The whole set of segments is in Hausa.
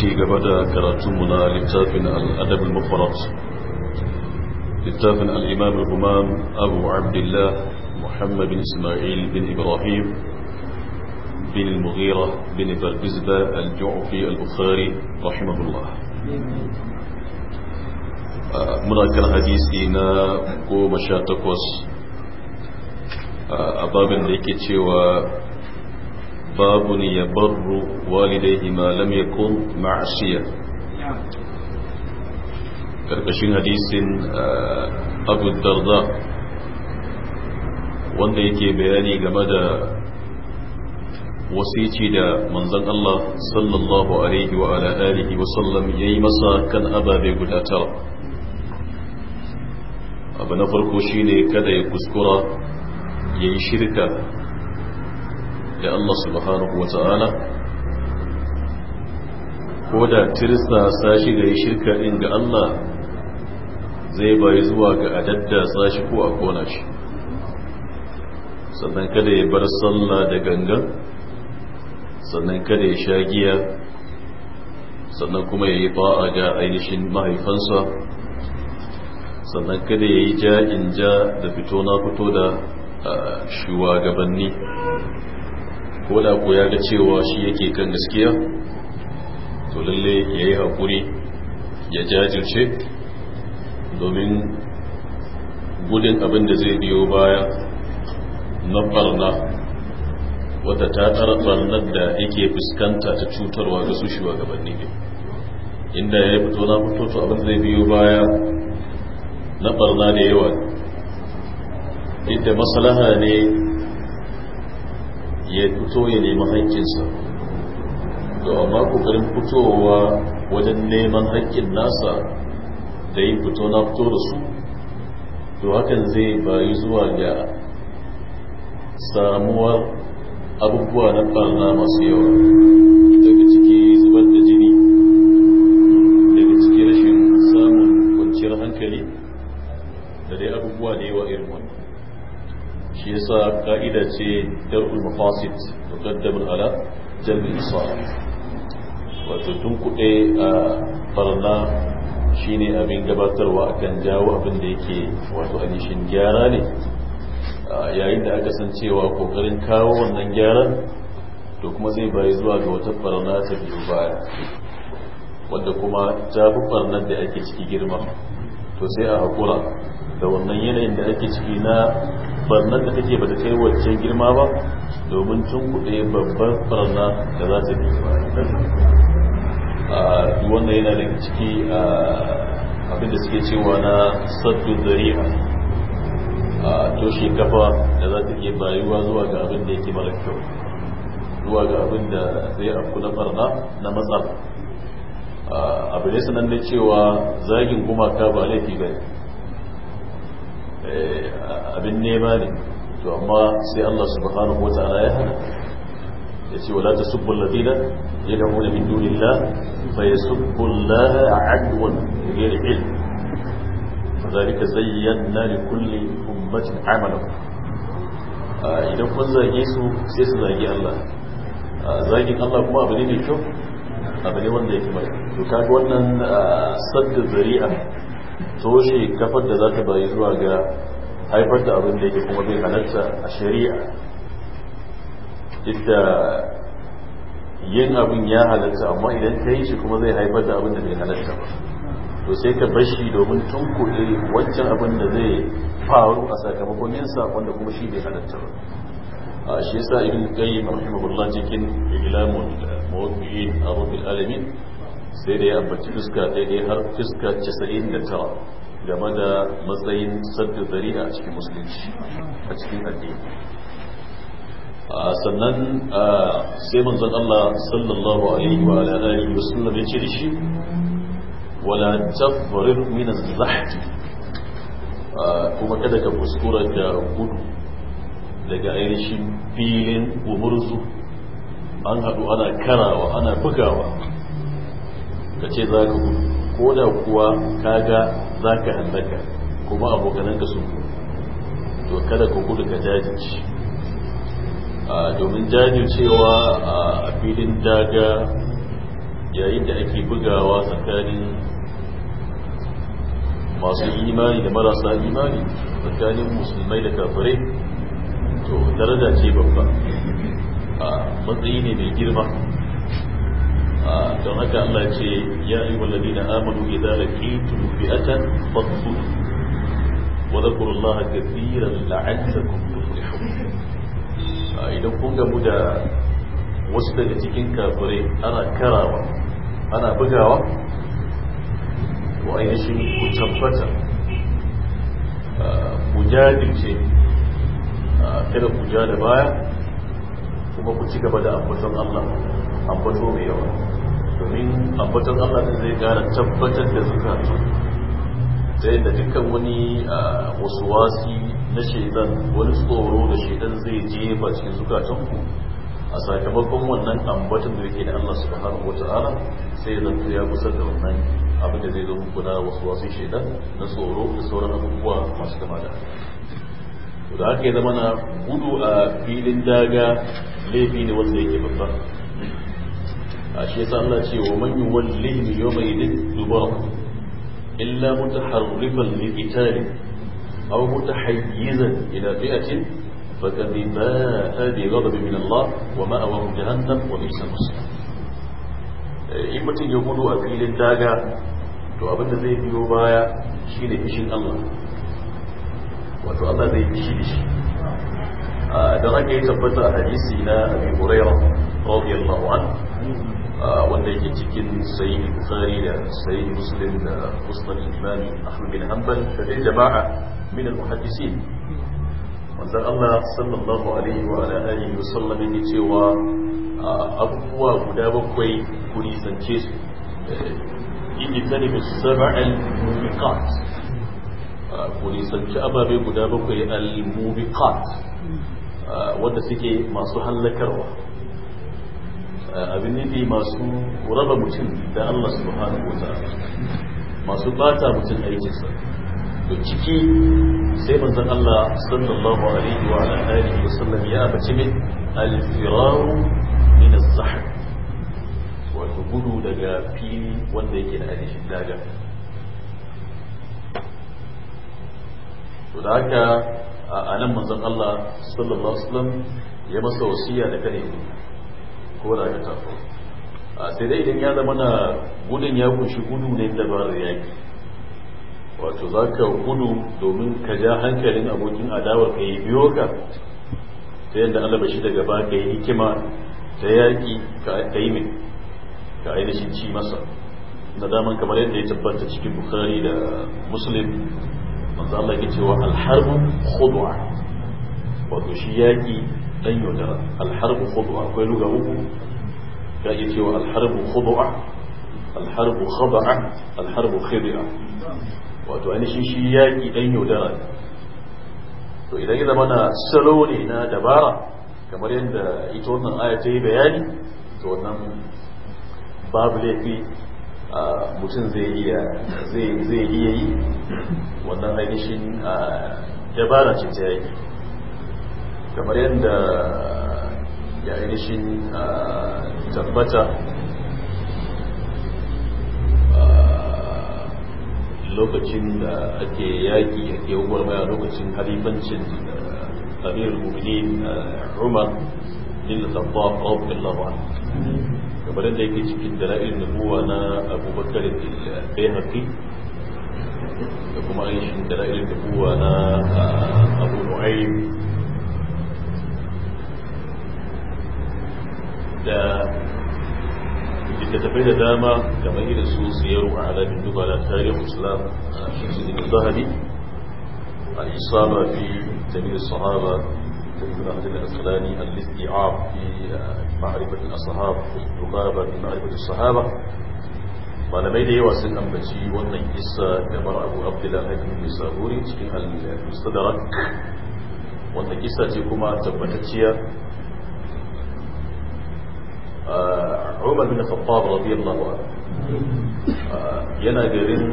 ci gaba da karatunmu na littafin al'adab al-mufarat littafin al'imam al-humam abu abdullah muhammad bin ismail bin ibrahim bin al-mughira bin barbizba al-ju'fi al-bukhari rahimahullah muna kan hadisi na goma sha takwas a babin da yake cewa باب يبر والديه ما لم يكن معصية karkashin hadisin uh, abu darda wanda yake bayani game da wasici da manzon Allah sallallahu alaihi wa ala alihi wa sallam yayi masa kan ababe guda tara abu na farko shine kada ya kuskura yayi shirka da Allah subhanahu ta'ala ko da tirsa sashi da ya shirka ɗin ga Allah zai bayi zuwa ga adadda sashi ko a kona shi sannan kada ya bar sallah da gangan sannan kada ya sha giya sannan kuma ya yi ba'a ga ainihin mahaifansa sannan kada ya yi ja'in ja da fito na fito da ah, shugabanni ko da ko ya ga cewa shi yake kan gaskiya to lalle ya yi haƙuri ya jajirce domin gudun abin da zai biyo baya na barna wata ta barnar da yake fuskanta ta cutarwa ga su shugabanni ne inda ya yi fito na fito to abin zai biyo baya na barna da yawa inda masalaha ne ya fito ya nemi haƙƙinsa to amma ƙoƙarin fitowa wajen neman haƙƙin nasa da yin fito na fito da su to hakan zai bayi zuwa ga samuwar abubuwa na ɓarna masu yawa ka'ida ce dar'ul mafasid muqaddamul ala jalbil isa'at wato tun kuɗe a barna shine abin gabatarwa akan jawo abin da yake wato anishin gyara ne yayin da aka san cewa kokarin kawo wannan gyaran to kuma zai bayi zuwa ga wata barna ta biyu baya wadda kuma ta fi barnar da ake ciki girma to sai a haƙura da wannan yanayin da ake ciki na barnar da take bata kai wacce girma ba domin tun kuɗe babbar barna da za ta biyu a wannan yana daga ciki abin da suke cewa na sattu zari'a a toshe kafa da za ta ke bayuwa zuwa ga abin da yake mara kyau zuwa ga abin da zai afku na barna na matsala abu ne sanannen cewa zagin gumaka ba laifi ba ne abin nema ne to amma sai Allah subhanahu wa ta'ala ya hana ya ce wala tasubbu alladina yad'una min dunillah fa yasubbu Allah adwan ghayr ilm fadhalika zayyana li kulli ummatin amalahum idan kun zage su sai su zage Allah zagin Allah kuma abu ne mai kyau abu ne wanda yake mai to kaga wannan sadda zari'a shi kafar da za ta bayi zuwa ga haifar da abin da yake kuma bai halatta a shari'a inda yin abin ya halatta amma idan ta yi shi kuma zai haifar da abin da bai halatta ba to sai ka shi domin tunkuɗe wancan abin da zai faru a sakamakon yinsa wanda kuma shi bai halatta ba a shi yasa ibn qayyim rahimahullah cikin ilamul muwaqqi'in a alamin sai da ya ambaci fuska daidai har fuska 99 game da matsayin sadda zari'a a cikin musulunci a cikin addini sannan sai manzon Allah sallallahu alaihi wa alihi wa sallam ya ce da shi wala tafrid min az-zahd kuma kada ka kuskura da gudu daga ainihin filin umurzu an haɗu ana karawa ana bugawa ka ce za ka gudu ko da kuwa ka ga za ka hallaka kuma abokananka sun to kada ka gudu ka jajirci domin jajircewa a filin daga yayin da ake bugawa tsakanin masu imani da marasa imani tsakanin musulmai da kafirai to daraja ce babba a matsayi ne mai girma don haka Allah ya ce ya ayyuha alladhina amanu idza laqitum fi'atan fadhkuru wa dhkuru Allah kathiran la'allakum tuflihun idan kun gamu da wasu daga cikin kafirai ana karawa ana bugawa ko ainihin ku tabbata ku jajirce kada ku ja da baya kuma ku ci gaba da ambaton Allah ambato mai yawa domin ambatan Allah ne zai gane tabbatar da zukatu ta yadda dukkan wani wasu wasi na shaidan wani tsoro da shaidan zai je ba cikin ku. a sakamakon wannan ambatan da yake da Allah subhanahu wa ta'ala sai ya zanto ya kusa da wannan abin da zai zo muku na wasu wasu shaidan na tsoro da sauran abubuwa masu kama da da aka zama na gudu a filin daga laifi ne wanda yake babba a shi yasa Allah ce wa man yuwallihi yawma idin dubara illa mutaharrifan li liqitali aw mutahayyizan ila fi'atin faqad ba'a bi ghadab min Allah wa ma'awahu jahannam wa bi'sa al-masir in mutum ya gudu a filin daga to abinda zai biyo baya shine kishin Allah wato Allah zai kishi shi a da haka tabbata a hadisi na Abi Hurairah radiyallahu anhu wanda yake cikin sayi bukhari da sayi muslim da musnad imam ahmad bin hanbal da dai jama'a min al-muhaddisin wanda Allah sallallahu alaihi wa ala alihi wa sallam yake cewa abubuwa guda bakwai ku nisance su tare da sab'al mubiqat ku nisanci ababe guda bakwai al-mubiqat wanda suke masu hallakarwa Eh, abin nufi masu raba mutum da Allah subhanahu wa masu bata mutum aikinsa to ciki sai manzon Allah sallallahu alaihi wa alihi wa sallam ya abace min al-firaru min az-zahr wato gudu daga fili wanda yake da ainihin daga to da haka a nan manzon Allah sallallahu alaihi wa sallam ya masa wasiya da kare ko da aka taso sai dai idan ya zama na gudun ya kunshi gudu ne da ba da yaki wato za ka gudu domin ka ja hankalin abokin adawar ka yi biyo ka ta yadda allah shi daga ba ka yi hikima ta yaki ka yi mai ka ainihin ci masa na daman kamar yadda ya tabbata cikin bukhari da muslim manzo Allah ce cewa alharbu khudwa wato shi yaki dan yaudara alharbu khudwa akwai luga uku ya iya cewa alharbu khudwa alharbu khada'a alharbu khid'a wato ainihin shi yaƙi dan yaudara to idan ya zama na salo ne na dabara kamar yadda ita wannan aya ta yi bayani to wannan babu laifi mutum zai iya zai iya yi wannan ainihin dabara ce ta yaƙi kamar yadda ya ainihin ah, tabbata ah, lokacin da ake yaƙi ake gwagwarmaya lokacin halifancin ah, amir mummini umar bin khattab radiyallahu anhu kamar yadda yake cikin dala'il buwa na abubakar al-bayhaqi da kuma ainihin dala'il buwa na abu da littattafai da dama kamar irin su siyaru a alamin nubala tarihin islam a shirin zahari الإصابة في تمييز الصحابة تمييز عبد الأسلاني الاستيعاب في معرفة الأصحاب والذبابة في معرفة الصحابة malamai da yawa sun ambaci wannan kissa kamar abu abdullah hakim mai saburi cikin al-mustadrak wanda kissa ce kuma tabbatacciya umar bin khattab radiyallahu anhu yana garin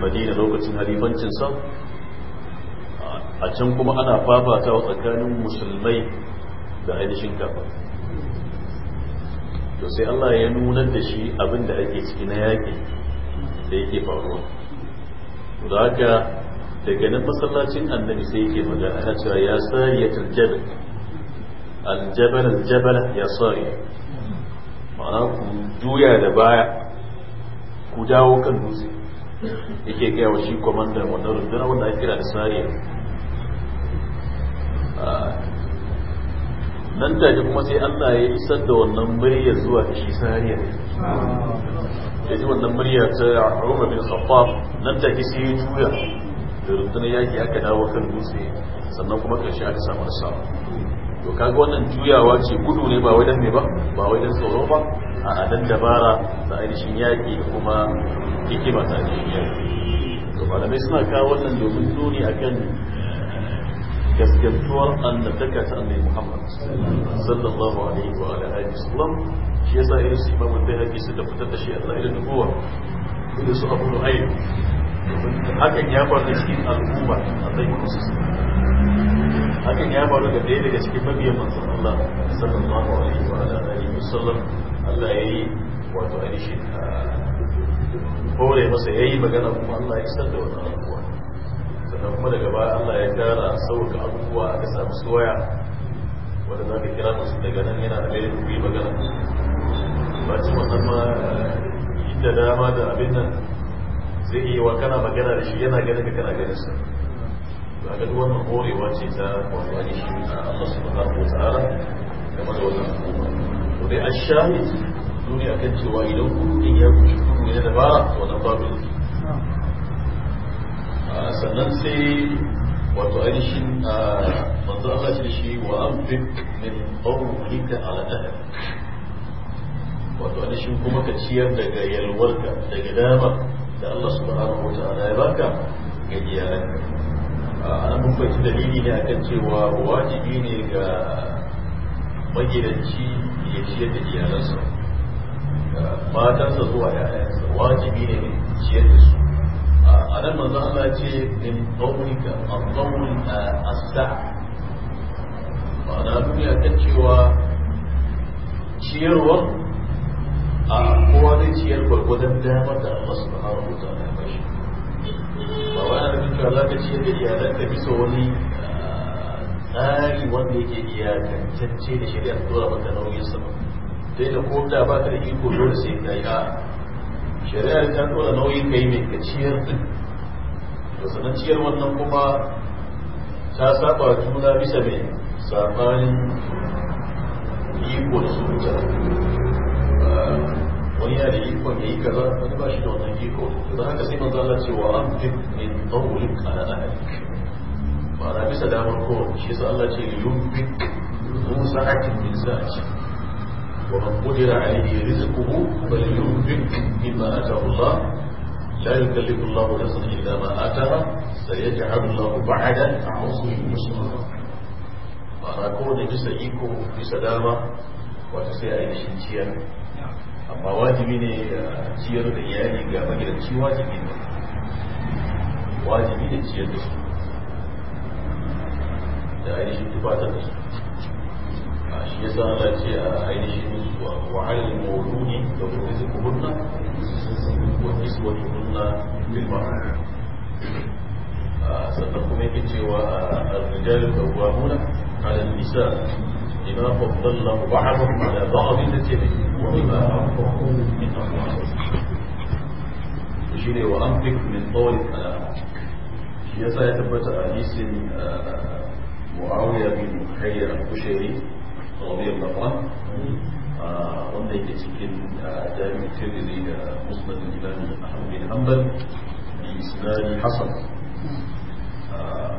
madina lokacin halifancin sa a can kuma ana fafatawa tsakanin musulmai da ainihin kafa to sai Allah ya nunar da shi abin da ake ciki na yaƙi da yake faruwa da haka daga nan masallacin annabi sai yake magana ana cewa ya sariya aljabal aljabal aljabal ya sariya ma'ana ku juya da baya ku dawo kan dutse yake gaya wa shi kwamandan wannan rundunar wanda ake kira da sariya ah, nan da kuma sai Allah ya isar da wannan murya zuwa da shi sariya ya ji wannan murya ta Umar bin Khattab nan da sai ya juya da rundunar yaki aka dawo kan dutse sannan kuma ƙarshe aka samu sa'a. to kaga wannan juyawa ce gudu ne ba wai dan me ba ba wai dan tsoro ba a dan dabara da ainihin yaki da kuma hikima ta ainihin to malamai suna kawo wannan domin duni akan gaskantuwar annabtaka ta annabi Muhammad sallallahu alaihi wa alihi wasallam shi yasa irin su imamu Bayhaqi suka fitar da shi a zahirin nubuwa irin su Abu Nu'aym hakan ya faru cikin al'umma a tsayin musulmi hakan ya faru da ɗaya daga cikin mabiyan manzon Allah sallallahu alaihi wa alihi wasallam Allah yayi wato aishi. kore masa yayi magana kuma Allah ya san da wannan abubuwa sannan kuma daga baya Allah ya tara sauka abubuwa aka samu soya wanda za ka kira musu daga nan yana da gairin kuyi magana ba ci wannan ma inda eh, dama da abin nan zai yi wa kana magana da shi yana ganin ka kana ganin sa da duk wannan horewa ce ta wani shi a Allah subhanahu wa ta'ala game da wannan hukuma to dai ashahid duniya kan cewa idan kudin ya kushi kudu ne da ba wannan babu ne sannan sai wato ainihin manzo Allah ce shi wa anfiq min qawlika ala ahlik wato ainihin kuma ka ciyar daga yalwarka daga dama da Allah subhanahu wa ta'ala ya baka ga iyalanka an bambanci dalili ne akan cewa wajibi ne ga magidanci ya ciyar da iyalansa matansa zuwa yayansa wajibi ne ciyar da su a nan manzo Allah ce min qawlika al-qawl as-sa' ma'ana duniya kan cewa ciyarwa a kowa zai ciyar gwargwadon damar da Allah subhanahu wa ta'ala ba wani abin cewa za ka ce da iyalan iyalanka bisa wani ah, tsari wanda yake iyakantacce da shirya ta dora maka nauyin sama sai da ko da ba ka da iko dole sai ka yi a shari'a ta dora nauyin kai mai ka ciyar din da sanan ciyar wannan kuma ta saba juna bisa mai sabanin iko da su mutane ah, وهي لإيكون هيك كذا فتباشر أن يكون كذا هكذا سيما ظلت وأن من طولك على أهلك وأنا بسلام الكون شيء سأل الله جيل ينفق من ساعة من ساعة ومن قدر عليه رزقه فلينفق مما أتاه الله لا يكلف الله نفسا إلا ما أتاها سيجعل الله بعدا عصر يسرا وأنا كون بسيكو بسلامة وتسيئة إلى شنشيئة amma wajibi ne da uh, ciyar da iyali ga magidanci wajibi ne wajibi da ciyar da su da ainihin tubatar da su a shi ya sa ta ce a ainihin wa halin mawuluni da kuma zai kuhunna wa kiswati kunna bil ma'ana sannan kuma yake cewa a rijalin da wamuna على النساء لما فضل بعضهم على بعض التي shi ne wa an fik min tsawon kalamak shi yasa ya tabbata a hadisin mu'awiya bin kayyar kushari rabiyar lafa wanda yake cikin jami'in tirmidhi da musnadin imam ahmad bin hanbal bi isnadi hasan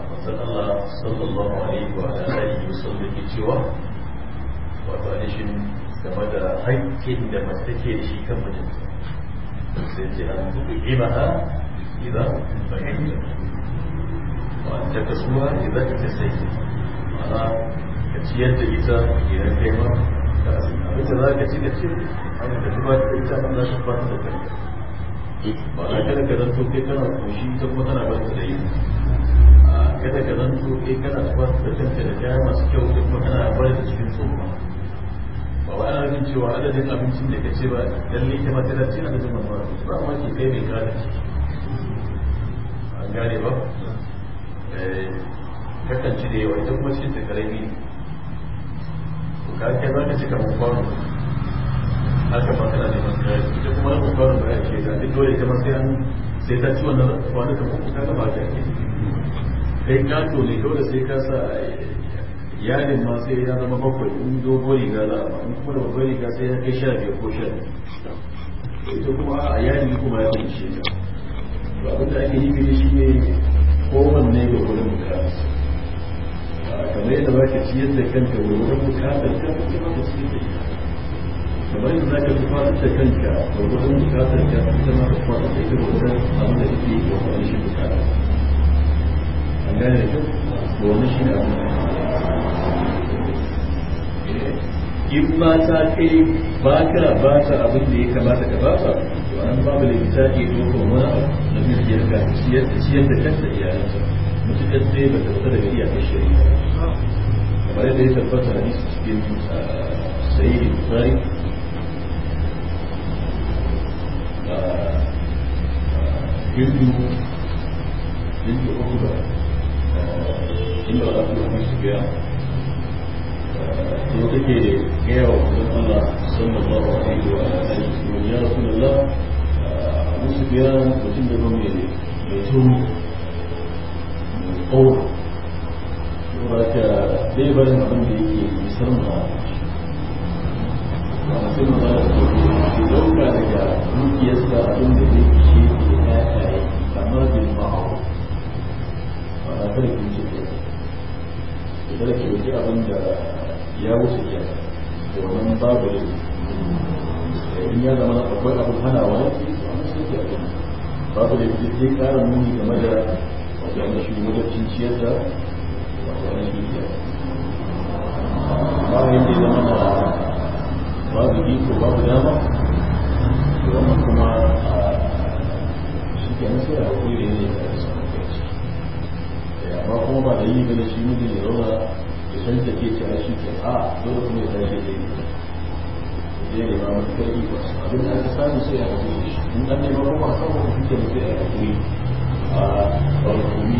wasan allah sallallahu alaihi wa alihi wa sallam cewa wato ainihin game da haƙƙin da mace take da shi kan mutum sai ce an tuɓi imaha idan fahimta wa ta kasuwa idan ta sai ma'ana ka ciyar da ita idan kai ma ka abin da za ka ci ka ce an da ta ba ta ita an za ba ta da kanta ba za kada ka zanto kai kana koshi ta kuma tana ba ta da yi kada ka zanto kai kana ba ta da kanta da kaya masu kyau kuma kana ba ta cikin tsoma ba wani abin cewa adadin abincin da ka ce ba lalle ita ma da cina da wani ba ba ma ke kai mai gane an gane ba eh, kakan ci da yawa ita kuma cikin ta karami ne ka kai ba ka ci kamar kwano haka ba kana da masu kare ita kuma rabin kwano ba ya ce ta duk dole ta masu sai sai ta ci wannan kwano kamar kuka da ba ta ke kai kato ne dole sai ka sa eh, iyalin ma sai ya zama bakwai in dogon riga za a ba in kuma da riga sai ya kai sha biyar ko sha biyu ita kuma a yadi kuma ya kuma shi ba abin da ake yi shi ne kowanne da wurin bukata kamar yadda za ka ciyar da kanka wurin ka kuma ba su yi kamar yadda ka da kanka da wurin bukatar ka kuma ba su fatar da wani shi bukata domin shi ne in ba ta kai ba ka ba ta abin da ya kamata ka ba ta to an babu da ta ke dokar wani abu na dukiyar ka ciyar da ciyar iyalansa mutum da sai ba tabbata daga iyakar shari'a kamar da ya tabbata hadisi cikin ah, sayyid ah, ah, hindu hindu inda za su kuma shiga kuma take gaya wa wajen Allah wa alihi ya mutum da mai mai mai abin da yake su ke dauka daga dukiyarsa abin da zai ke shi ya kamar da kada ki wuce ke ya abin da ya wuce ke babu ne in ya zama akwai abin hanawa ne sai ki abin babu da ke sai ƙara muni game da wato yana shi wajen da yana shi ciyar ba yadda ya zama na babu iko babu dama wannan kuma shi ke nasa da akwai da ya amma kuma ba da yi ba shi mijin ya rauna ya san da ke cewa shi ke a dole kuma ya tashi da yi da yi nema mata kai ba abin da aka samu sai a haɗu shi in an nema kuma a samu shi ke mutu a haɗu a ɓarkumi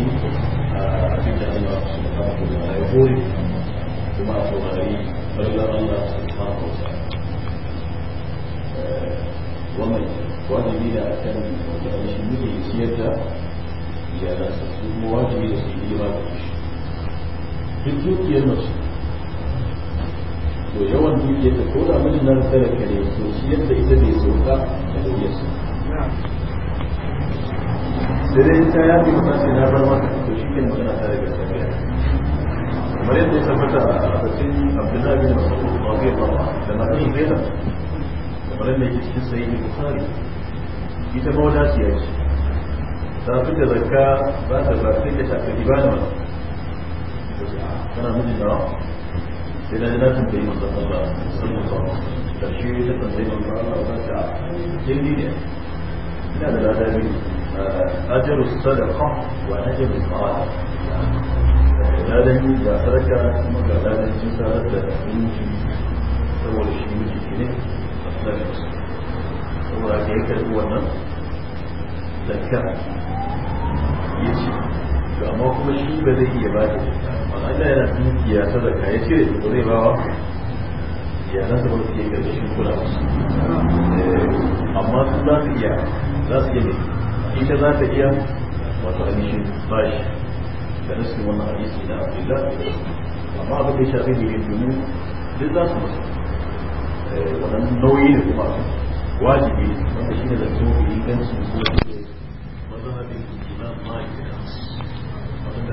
a cikin ba su da ba da ya kuma a saurari ɓallar Allah su da ba wannan wajibi da kan da shi mijin ya siyar da iyalansa su kuma wajibi da su yi hidima ga shi duk dukiyar mace to yawan dukiyar da ko da mijin nan tsara kare to shi yadda ita bai sauka da dukiyarsa da dai ta ya fi kuma sai na bar maka to shi ke ta daga sabiya kamar yadda ya tabbata a batun abdullahi bin mas'ud radiyallahu anhu da matan zainab kamar yadda yake cikin sahihi bukhari ita mawdaciya ce ta fi da zakka ba ta ba sai ka shafi ibada ba kana miji da sai na jina tun da yi masa Allah sallallahu alaihi da shi ta tun da yi masa Allah ba ta jini ne ina da ladabi ajaru sadaqa wa ajaru qara ladan da sadaka kuma ga ladan cin sarar da abinci saboda shi miji ne a sadaka saboda ka yi karɓi wannan zakka ya ce to amma kuma shi ba zai iya ba da amma Allah yana dukiya sadaka ya ce ba zai ba wa iyalansa ba su iya karkashin kula eh, amma su za su iya za su yi ita za ta iya wato ba shi da nasu wannan hadisi na Abdullah amma abin da ya shafi ne domin duk za su musu eh, wannan nauyi da kuma wajibi wanda shi ne da tsohon ingancin su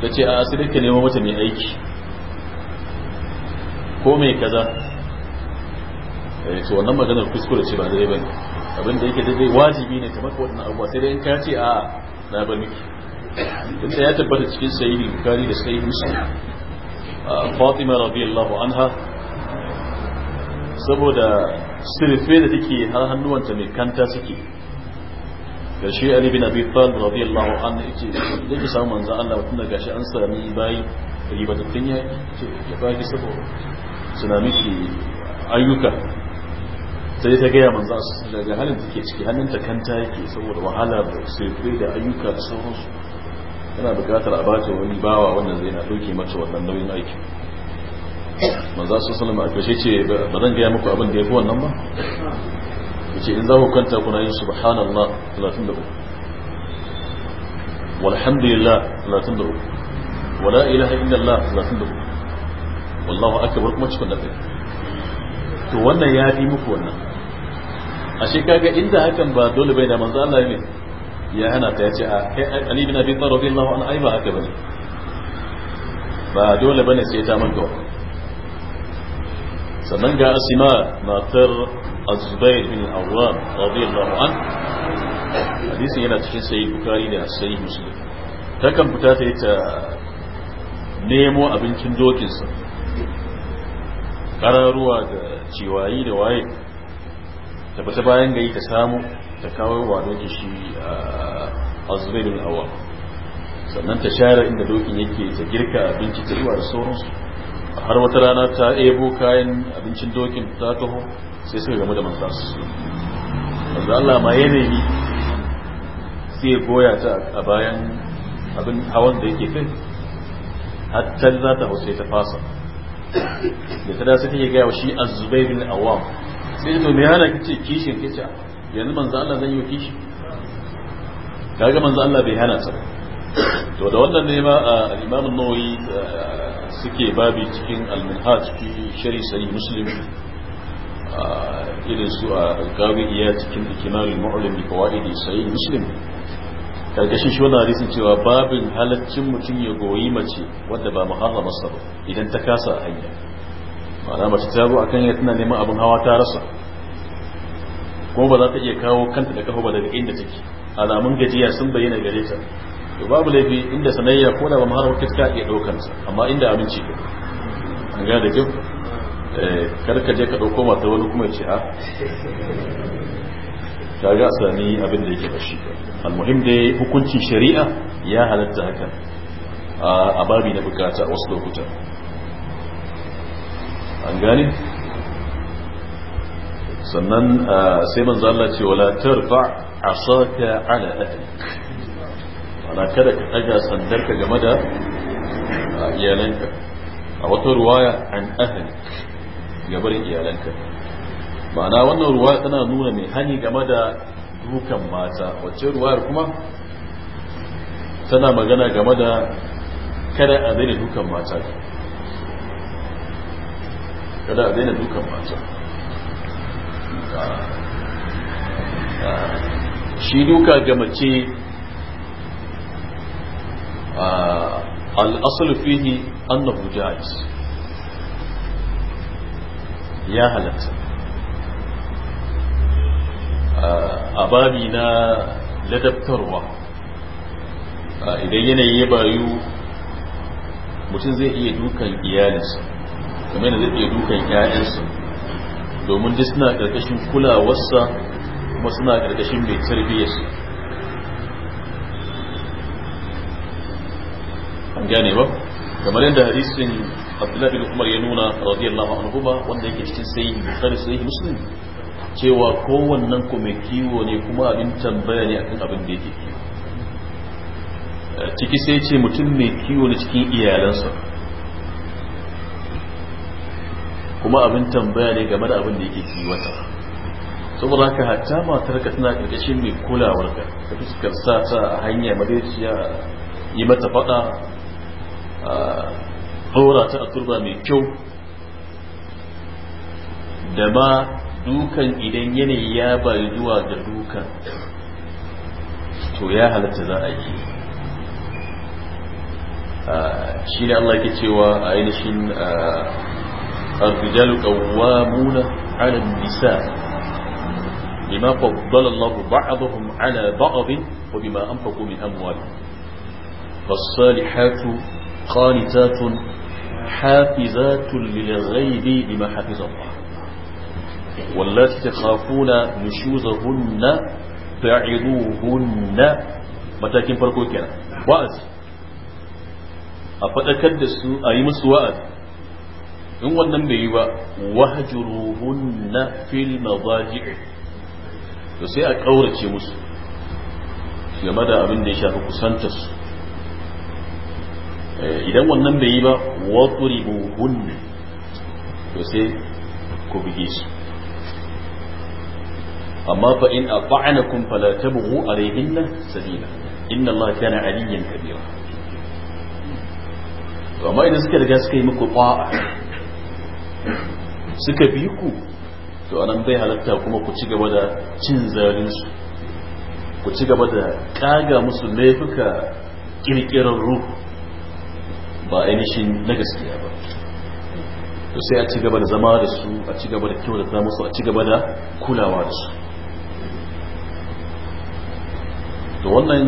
ta ce a sai ka nemo mata mai aiki ko mai kaza eh, to wannan maganar kuskure ce ba dai bane abin da yake dai wajibi ne kamar wannan abuwa sai dai in ka ce a na ba miki inda ya tabbata cikin sahihi bukari da sahihi muslim fatima radiyallahu anha saboda sirfe da take har hannuwanta mai kanta suke da ali bin abi talib radiyallahu anhu yake yake samu manzo Allah tun gashi shi an sami bayi ribatattun ya ya baki saboda suna miki ayyuka sai ta gaya manzo su daga halin da ke ciki hannunta kanta yake saboda wahala da sai da ayyuka da sauransu tana bukatar a bata wani bawa wanda zai na dauke mata wannan nauyin aiki manzo su sallama a kashe ce ba zan gaya muku abin da ya fi wannan ba yace in za ku kwanta kuna yin subhanallah 33 walhamdulillah 33 wala ilaha illallah 33 wallahu akbar kuma cikin nafi to wannan ya yi muku wannan ashe kaga inda hakan ba dole bai da manzo Allah ne ya hana ta yace a ah, kai Ali bin Abi Talib radiyallahu anhu ai ba haka bane ba dole bane sai ta manka sannan ga asima matar الزبير بن الأوام رضي الله عنه yana cikin تكين سيد بكاري da سيد مسلم takan fita ta yi nemo abincin dokin sa. ƙararruwa da ciwayi da waye ta fita bayan gari ta samu ta kawo wa doki shi a ah, zubairin awa sannan ta share inda dokin yake ta girka abinci ta yi da sauransu har wata rana ta ebo kayan abincin dokin ta taho sai suka gamu da manzan wanda Allah ma yanayi sai goya ta a bayan abin hawan da yake kai hatta za ta hausa ta fasa da ta dasa take gaya wa shi a zubai bin awam sai to me yana kace kishin kace yanzu manzo Allah zan yi kishi kaga manzo Allah bai hana ta to da wannan ne ma al-Imam an-Nawawi suke babi cikin al-Minhaj fi sharh sahih Muslim irin su a iya cikin ikimarin ma'ulun da kawai da sayi muslim karkashin shi wannan harisun cewa babin halaccin mutum ya goyi mace wadda ba muharrama masa ba idan ta kasa a hanya ma'ana mace ta zo kan ya tana neman abin hawa ta rasa kuma ba za ta iya kawo kanta da kafa ba daga inda take alamun gajiya sun bayyana gare ta to babu laifi inda sanayya ko da ba muharrama ta iya ɗaukansa amma inda abinci ba. an gane da kyau Eh, karka je ka ɗauko mata wani kuma ce ah, a ta ga sami abin da yake ba shi almuhim hukuncin shari'a ya halatta haka a babi na bukata a wasu lokutan. an gane sannan sai manzo Allah ce wala tarfa asaka ala ahlik ana kada ka daga sandarka game da iyalanka a wata ruwaya an ahlik ga barin iyalanka ma'ana wannan ruwa tana nuna mai hani game da dukan mata wacce ruwa kuma tana magana game da kada a daina dukan mata kada a daina dukan mata shi duka ga mace al'asalu fihi annahu jais ya halatta a babi na ladabtarwa idan yanayi ya bayu mutum zai iya dukan iyalinsa yana zai iya dukan 'ya'yansa domin duk suna ƙarƙashin kulawarsa kuma suna ƙarƙashin mai tarbiyyarsa an gane ba kamar yadda hadisin abdullahi bin umar ya nuna radiyallahu anhu anhuma wanda yake cikin sayi bukhari sayi muslim cewa kowannen ku mai kiwo ne kuma abin tambaya ne akan abin da yake kiwo eh, ciki sai ce mutum mai kiwo ne cikin iyalansa kuma abin tambaya ne game da abin da yake kiwata saboda haka hatta matar ka tana karkashin mai kulawar ka ta fuskar sa ta a hanya madaici yi mata faɗa. Ah, ɗora ta a turba mai kyau da ma dukan idan yanayi ya bayi zuwa ga dukan to ya halatta za a yi shi ne Allah ke cewa a ainihin الرجال قوامون على النساء بما فضل الله بعضهم على بعض وبما أنفقوا من أموالهم فالصالحات قانتات حافظات للغيب بما حفظ الله واللاتي تخافون نشوزهن فعظوهن matakin a faɗakar da su a yi musu in wannan bai yi ba wahjuruhunna fil madaji' to sai a kaurace musu game da abin da ya shafi kusantar su Eh, idan wannan bai yi ba waɗuribu hunne to sai ku buge su amma fa in a fa'ana kun falata bugu a rehinna sabila inna Allah kana aliyan kabira to amma idan suka riga suka yi muku ba'a suka bi ku to anan bai halatta kuma ku ci gaba da cin zalinsu ku ci gaba da kaga musu laifuka kirkirar ruhu ba ainihin na gaskiya ba to sai a ci gaba da zama da su a ci gaba da zama su a ci gaba da kulawa da su to wannan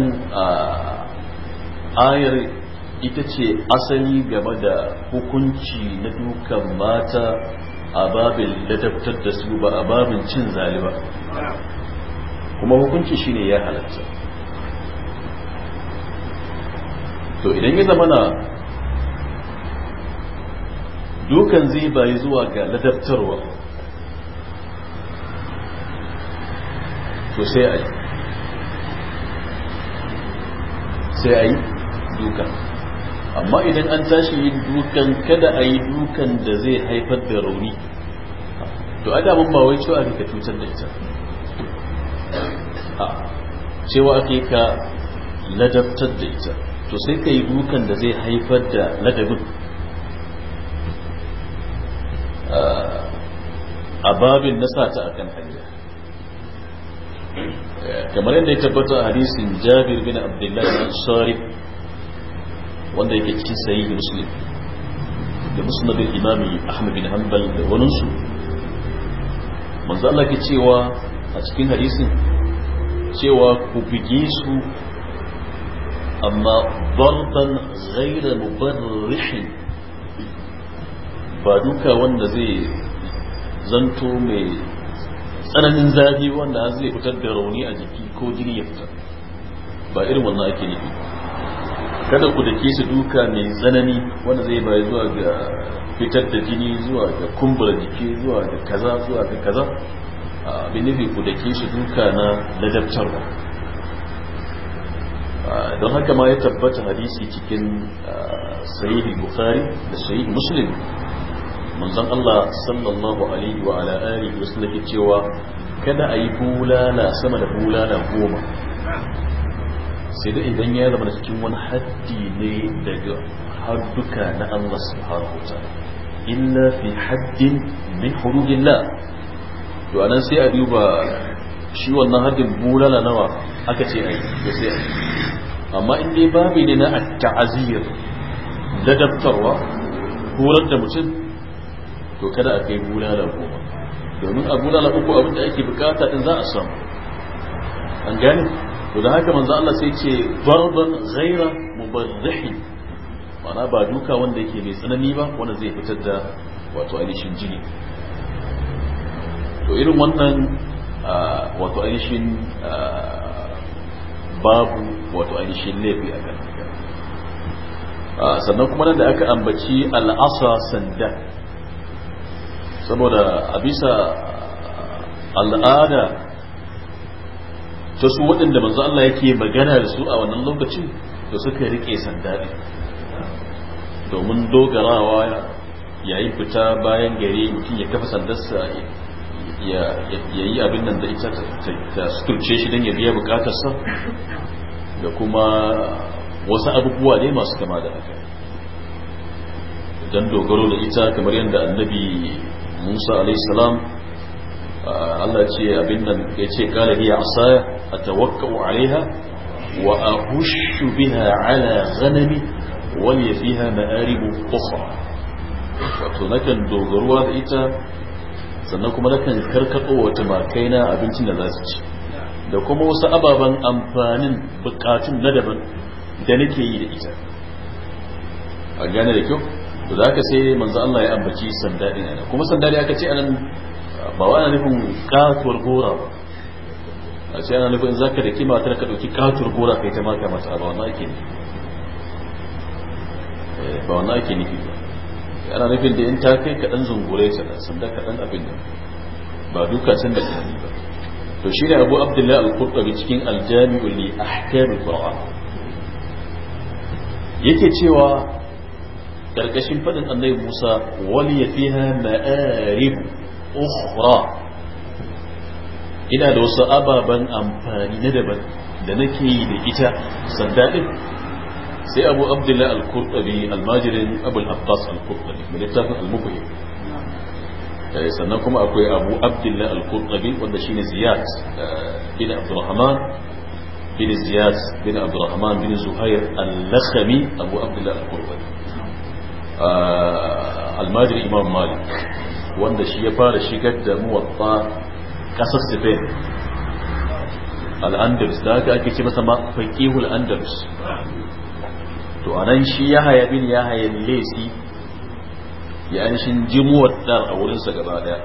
ayar ita ce asali gaba da hukunci na dukan mata a babin ladabtar da su ba a babin cin zaliba kuma hukunci shine ya halatta to idan ya zama na dukan zai bayi zuwa ga ladabtarwa to sai a yi sai a yi dukan amma idan an tashi yin dukan kada a yi dukan da zai haifar da rauni to adamun ba wai cewa ka cutar da ita a cewa ake ka ladabtar da ita to sai ka yi dukan da zai haifar da ladabin a babin na sa ta akan hanya kamar yadda ya tabbata a hadisin jabir bin abdullahi ansari wanda yake cikin sayi da muslim da musnadin imami ahmad bin hanbal da waninsu manzo Allah ke cewa a cikin hadisin cewa ku bige su amma darban ghaira mubarrihin ba duka wanda zai zanto mai tsananin zafi wanda zai fitar da rauni a jiki ko jini ya fita ba irin wannan ake nufi kada ku da su duka mai tsanani wanda zai bayi zuwa ga fitar da jini zuwa ga kumbura jiki zuwa ga kaza zuwa ga kaza abin nufi ku da su duka na ladabtarwa don haka ma ya tabbata hadisi cikin sahih bukhari da sahih muslim manzon Allah sallallahu alaihi wa ala alihi wa sallam cewa kada a yi bulala sama da bulala goma sai dai idan ya zama cikin wani haddi ne daga hadduka na Allah subhanahu wa ta'ala illa fi haddin min hududillah to anan sai a duba shi wannan haddin bulala nawa aka ce ai sai amma in dai babi ne na at-ta'zir ladabtarwa horar da mutum to kada a kai bulala goma domin a bulala uku abin da ake bukata din za a samu an gane to da haka manzo Allah sai ce darban ghaira mubarrihi ma'ana ba duka wanda yake mai tsanani ba wanda zai fitar da wato ainihin jini to irin wannan wato ainihin babu wato ainihin laifi a kan sannan kuma nan da aka ambaci al'asa sanda saboda a bisa al'ada ta su waɗanda manzo Allah yake magana da su a wannan lokacin da suka rike sanda ne domin dogarawa yayin fita bayan gari mutum ya kafa sandarsa ya yi abin nan da ita ta suturce shi don ya biya bukatarsa da kuma wasu abubuwa ne masu kama da haka don dogaro da ita kamar yadda annabi musa alaihissalam uh, allah ce abin nan ya ce kala hiya asaya a tawakka'u alaiha wa ahushu biha ala ya wal yafiha ma'aribu ukhra wato nakan dogaruwa da ita sannan kuma nakan karkaɗo wa tumakaina abincin da za su ci da kuma wasu ababen amfanin bukatun na daban da nake yi da ita a gane da kyau to da aka sai manzo Allah ya ambaci sanda din ana kuma sanda da aka ce anan ba wa ana nufin katuwar gora ba a ce ana nufin zaka da kima tana ka dauki katuwar gora kai ta maka mata ba wannan ake nufi eh, ba wannan ake nufi ba ana nufin da in ta kai ka dan zungure ta da sanda ka dan abin nan ba duka san sanda ka ba to shi ne abu abdullahi al-qurtubi cikin al-jami'u li ahkam al-qur'an yake cewa karkashin fadin annabi Musa wali fiha ma'arib ukhra ina da wasu ababen amfani na daban da nake yi da ita sanda din sai abu abdullah al-qurtubi al-majirin abu al-abbas al-qurtubi mai littafin al-mufhim sannan kuma akwai abu abdullah al-qurtubi wanda shine ziyad bin abdurrahman bin ziyad bin abdurrahman bin zuhair al-lakhmi abu abdullah al-qurtubi almajir imam malik wanda shi ya fara shigar da muwatta kasar spain al'andalus da aka ake ce masa faƙihul andalus to a nan shi ya haya bin ya haya lesi ya ainihin ji muwatta a wurinsa gaba daya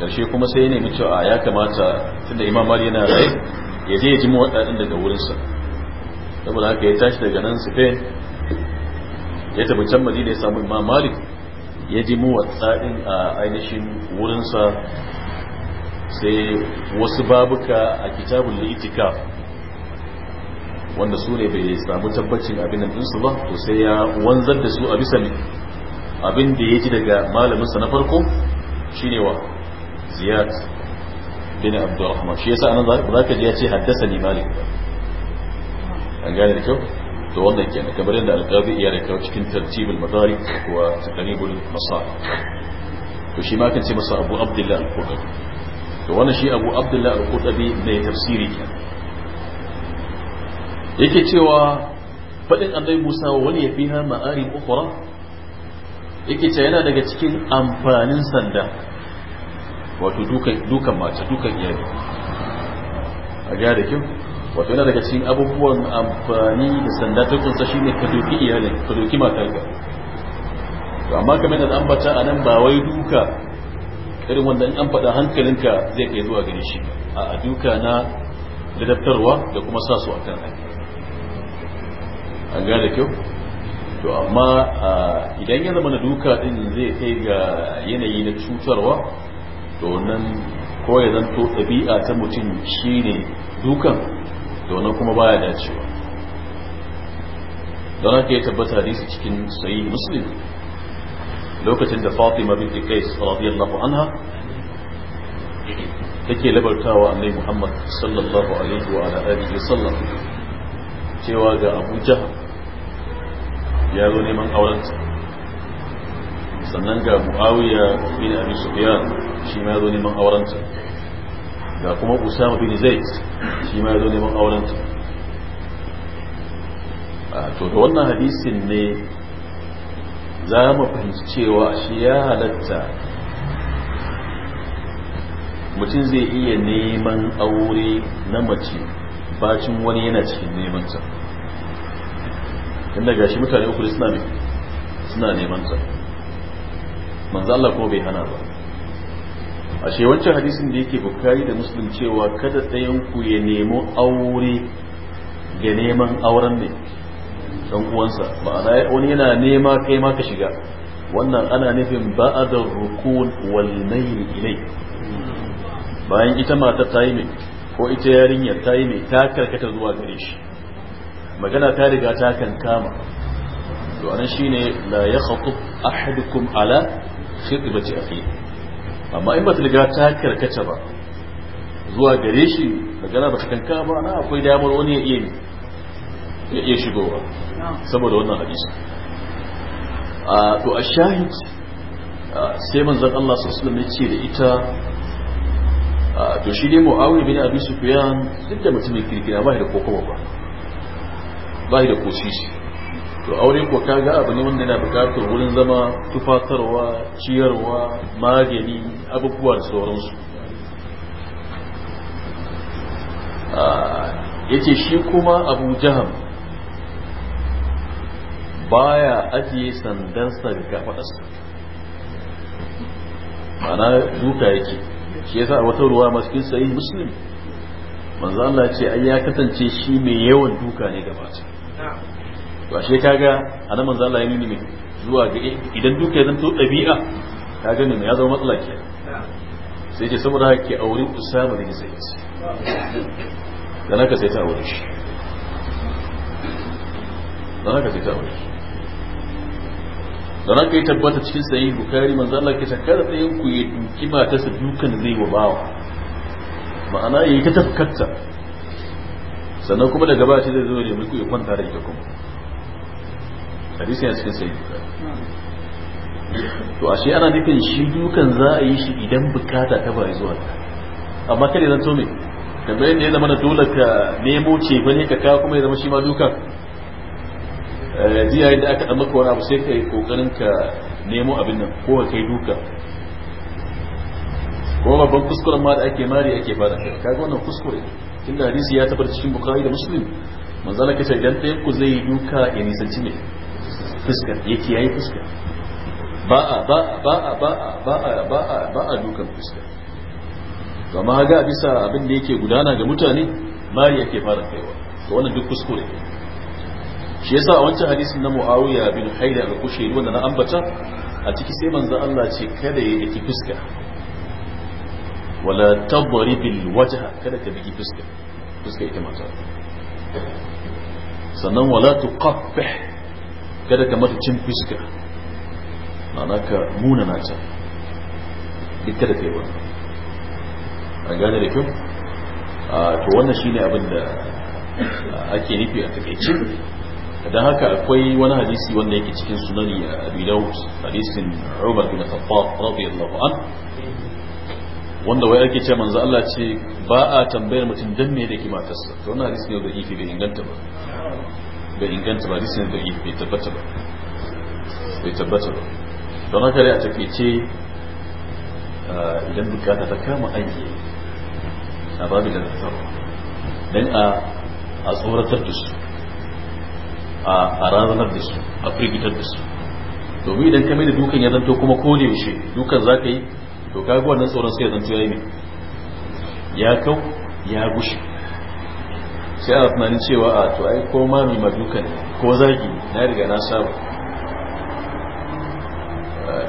ƙarshe kuma sai ya nemi cewa ya kamata tunda imam malik yana rai ya je ya ji muwatta daga wurinsa saboda haka ya tashi daga nan spain ya tafi can madina ya samu imam malik ya ji muwatsa'in a ainihin wurinsa sai wasu babuka a kitabun litika wanda su ne bai samu tabbacin abin nan dinsu ba to sai ya wanzar da su a bisa ne abin da ya ji daga malaminsa na farko shine wa ziyad bin abdurrahman shi yasa anan za ka ji ya ce haddasa ni malik an gane da kyau to wannan kenan kamar yadda alqazi iya da cikin tartibul madarik wa taqribul masalih to shi ma kan ce masa abu abdullah al-qurtubi to wannan shi abu abdullah al-qurtubi mai tafsiri kenan yake cewa fadin annabi Musa wani ya fi fiha ma'arim ukhra yake cewa yana daga cikin amfanin sanda wato dukan dukan mace dukan iyali a ga da kyau wato yana daga cikin abubuwan amfani da sanda ta kunsa shi ne ka doki iyalin ka doki matarka to amma kamar da ambata a nan ba wai duka irin wanda in an faɗa hankalinka zai kai zuwa gare shi a duka na ladabtarwa da kuma sa su a kan aiki an gane kyau to amma idan ya zama na duka din zai kai ga yanayi na cutarwa to nan ko ya zanto ɗabi'a ta mutum shine dukan da kuma baya dacewa don haka ya tabbata hadisi cikin sayi muslim lokacin da fatima binti qais radiyallahu anha take labartawa annabi muhammad sallallahu alaihi wa alihi sallam cewa ga abu jahal ya zo neman aurenta sannan ga muawiya bin abi sufyan shi ma zo neman aurenta ga kuma usama bin zaid shi ma ya zo neman auren to da wannan hadisin ne za mu fahimci cewa shi ya halatta mutum zai iya neman aure na mace bacin wani yana cikin neman ta. inda gashi mutane uku suna suna neman ta manzo Allah ko bai hana ba ashe wancan hadisin da yake bukari da muslim cewa kada ɗayan ku ya nemo aure ga neman auren ne don uwansa ma'ana wani yana nema kai ma ka shiga wannan ana nufin da rukun wal mayl ilai bayan ita mata ta yi ko ita yarinyar ta yi mai ta karkata zuwa gare shi magana ta riga ta kan kama to shine la yakhutu ahadukum ala khitbati akhihi amma in ba ta riga ta karkace ba zuwa gare shi magana ba ta kanka ba na akwai damar wani ya iya ya iya shigowa saboda wannan hadisi a to a shahid sai manzon Allah sallallahu alaihi ce da ita to shi dai Muawiya bin Abi Sufyan duk da mutumin kirkira ba da kokowa ba ba da kosishi to aure ko ga abu ne wanda yana bukatar wurin zama tufatarwa ciyarwa magani abubuwa da sauransu ah, Ya ce shi kuma abu jaham baya ajiye sandansa ga kafaɗarsa mana duka yake shi yasa a wata ruwa masu kin sayi muslim manzo Allah ce ai ya kasance shi mai yawan duka ne da gaba to ashe kaga anan manzo Allah ya nuni ne zuwa ga idan duka ya zanto dabi'a ka gani ya zama matsala ke sai ce saboda haka ke aure Usama da Zaid dan haka sai ta aure shi dan haka sai ta aure shi dan haka ya tabbata cikin sahih Bukari manzo Allah ke da tsayin ku yi duki su dukan zai wa bawa ma'ana yi ta tafkata sannan kuma daga ba shi zai zo ya mulku ya kwanta da ita kuma hadisi ya cikin sai to ashe ana nufin shi dukan za a yi shi idan bukata ta bai zuwa ta amma kada zan tome. me kamar yadda ya zama na dole ka nemo ce bane ka kawo kuma ya zama shi ma duka eh, jiya yadda aka dan maka wani abu sai ka yi kokarin ka nemo abin nan ko ka kai duka ko babban kuskuren ma da ake mari ake fara kaga wannan kuskure tunda hadisi ya tabbata cikin bukhari da muslim manzala kace idan ɗayan ku zai duka ya nisanci ne fuskar ya kiyaye fuskar ba a ba a ba a ba a ba a ba a ba a dukan fuskar ba ma ga bisa abin da yake gudana ga mutane mari yake fara kaiwa to wannan duk kuskure shi yasa a wancan hadisin na Muawiya bin Haida ga kushe wanda na ambata a ciki sai manzo Allah ce kada ya daki fuska wala tadribil wajha kada ka bigi fuska fuska ita mata sannan wala tuqabbih kada ka mata cin fiska ma'ana ka muna nata duk kada ka yi ba A gane da kyau to wannan ne abin da ake nufi a takaice don haka akwai wani hadisi wanda yake cikin sunani a abi hadisin umar bin khattab radiyallahu an wanda wai ake ce manzo Allah ce ba a tambayar mutum dan me ke matarsa to wannan hadisi ne da ifi bai inganta ba da inganta ba hadisi da yi bai tabbata ba bai tabbata ba don haka dai a ce ah, idan bukata ta kama aiki a babu da ta don a tsoratar da su a ranar da su a firgitar da su domin idan ka da dukan ya zanto kuma ko ne yaushe dukan za ka yi to kaga nan tsoron sai ya zanto ya yi ya kau ya gushe sai a tunani cewa a to ai ko mami maduka ne ko zagi na riga na samu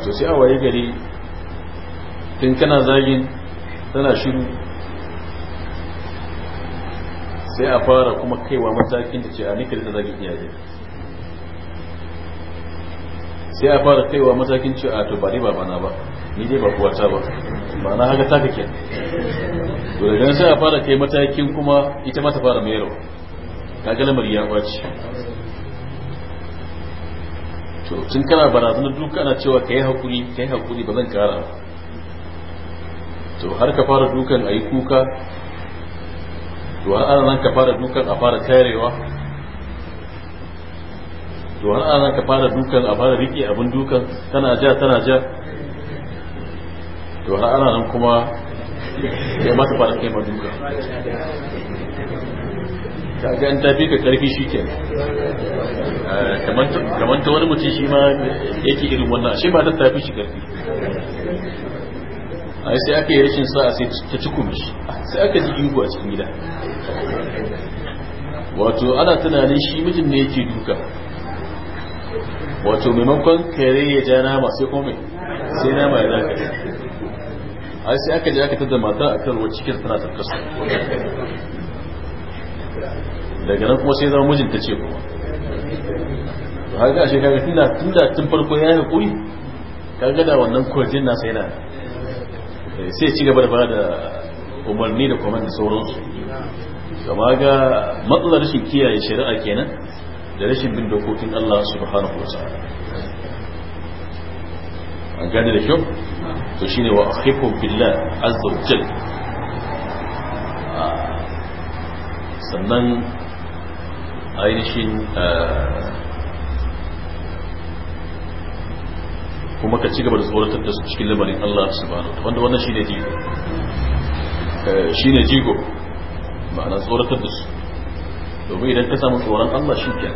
to sai a waye gari tun kana zagin tana shiru sai a fara kuma kaiwa matakin da ce a nika da zagin iyaye sai a fara kaiwa matakin ce a to ba dai babana ba ni dai ba kuwata ba ba na haka ta kake to da sai a fara kai matakin kuma ita mata fara mayarwa ga lamari ya kwaci to tun kana barazana duka ana cewa ka yi haƙuri ka yi haƙuri ba zan ƙara to har ka fara dukan a yi kuka to har ana nan ka fara dukan a fara tarewa to har ana nan ka fara dukan a fara riƙe abin dukan tana ja tana ja to har ana nan kuma ya masa fara kai maduka kaga ta tafi ka karfi shi ke eh, kamar ta wani mutum shi ma yake irin wannan shi ba ta tafi shi karfi a sai aka yi rashin sa'a sai ta cikumi sai aka ji ingo a cikin gida wato ana tunanin shi mijin ne yake duka wato maimakon kare ya ja nama sai kome sai nama ya zaka ai sai aka je aka tada mata a kan wacce cikin tana tarkasa daga nan kuma sai zama mijinta ce kuma to ga ashe kaga tunda tunda tun farko ya yi kuri kaga da wannan kurjin nasa yana eh, sai ci gaba da ba da umarni da kwaman da sauransu kama ga matsalar rashin kiyaye shari'a kenan da rashin bin dokokin Allah subhanahu wa ta'ala an gane da kyau to shine wa akhikum billah azza wa jal sannan ainihin eh, kuma ka ci gaba da tsoratar da su cikin lamarin Allah su ba da wanda wannan shi ne jigo eh, ne jigo ma'ana tsoratar da su domin idan ka samu tsoron Allah shi ke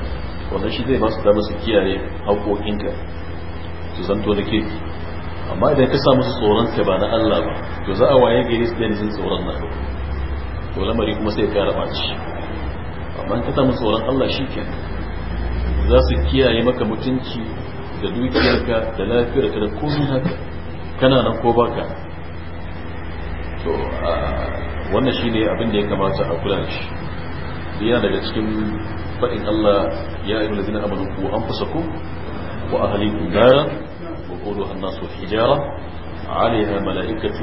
wannan shi zai ba su damar su kiyaye haƙoƙinka su zanto da ke. amma idan ka sa musu tsoron ka ba na Allah ba to za a waye gari su jin tsoron na to lamari kuma sai ka raba shi amma ka sa musu tsoron Allah shi ke za su kiyaye maka mutunci da dukiyarka da lafiyarka da komai haka kana nan ko baka to wannan shine abin da ya kamata a kula da shi yana daga cikin faɗin Allah ya ayyuhal ladzina amanu qu anfusakum wa ahlikum gara. يقولها الناس حجارة عليها ملائكة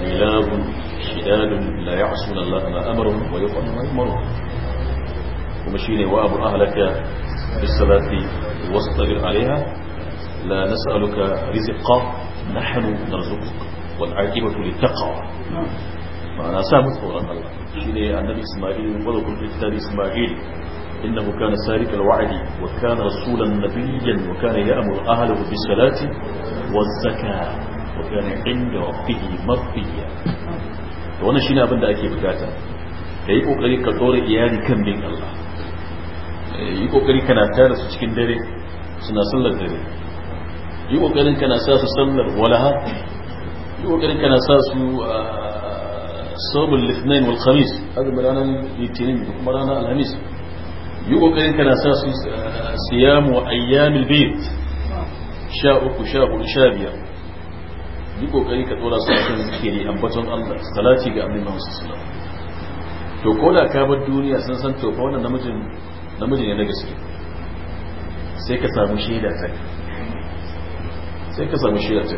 غلاب شداد لا يعصون الله ما أمرهم ويقعون ما يمرهم ومشيني وأمر أهلك بالصلاة واصطبر عليها لا نسألك رزقا نحن نرزقك والعاقبة للتقوى معنا سامت قرآن الله شيني النبي إسماعيل وذكر في التالي إسماعيل إنه كان سالك الوعد وكان رسولا نبيا وكان يأمر أهله بالصلاة والزكاة وكان عند ربه مرضيا وانا شنو أبن ن د ا اكي بكاتا كي ي ق ر كم من الله ي ق ر ي كنا ت ا ر س ك ن دري سنا صلى دري ي ق ر ي كنا ساس صلى ولها ي ق ر ي كنا ساس آه، صوم الاثنين والخميس هذا مرانا ي مرانا الخميس yi ƙoƙarin kana sa su eh, siyamu ayyamil bayt sha uku sha hudu sha biyar yi kokari ka dora su akan zikiri ambaton Allah salati ga annabi Muhammad sallallahu to ko da ka bar duniya sun san to fa wannan namijin namiji ne na gaske sai ka samu shaida ta sai ka samu shaida ta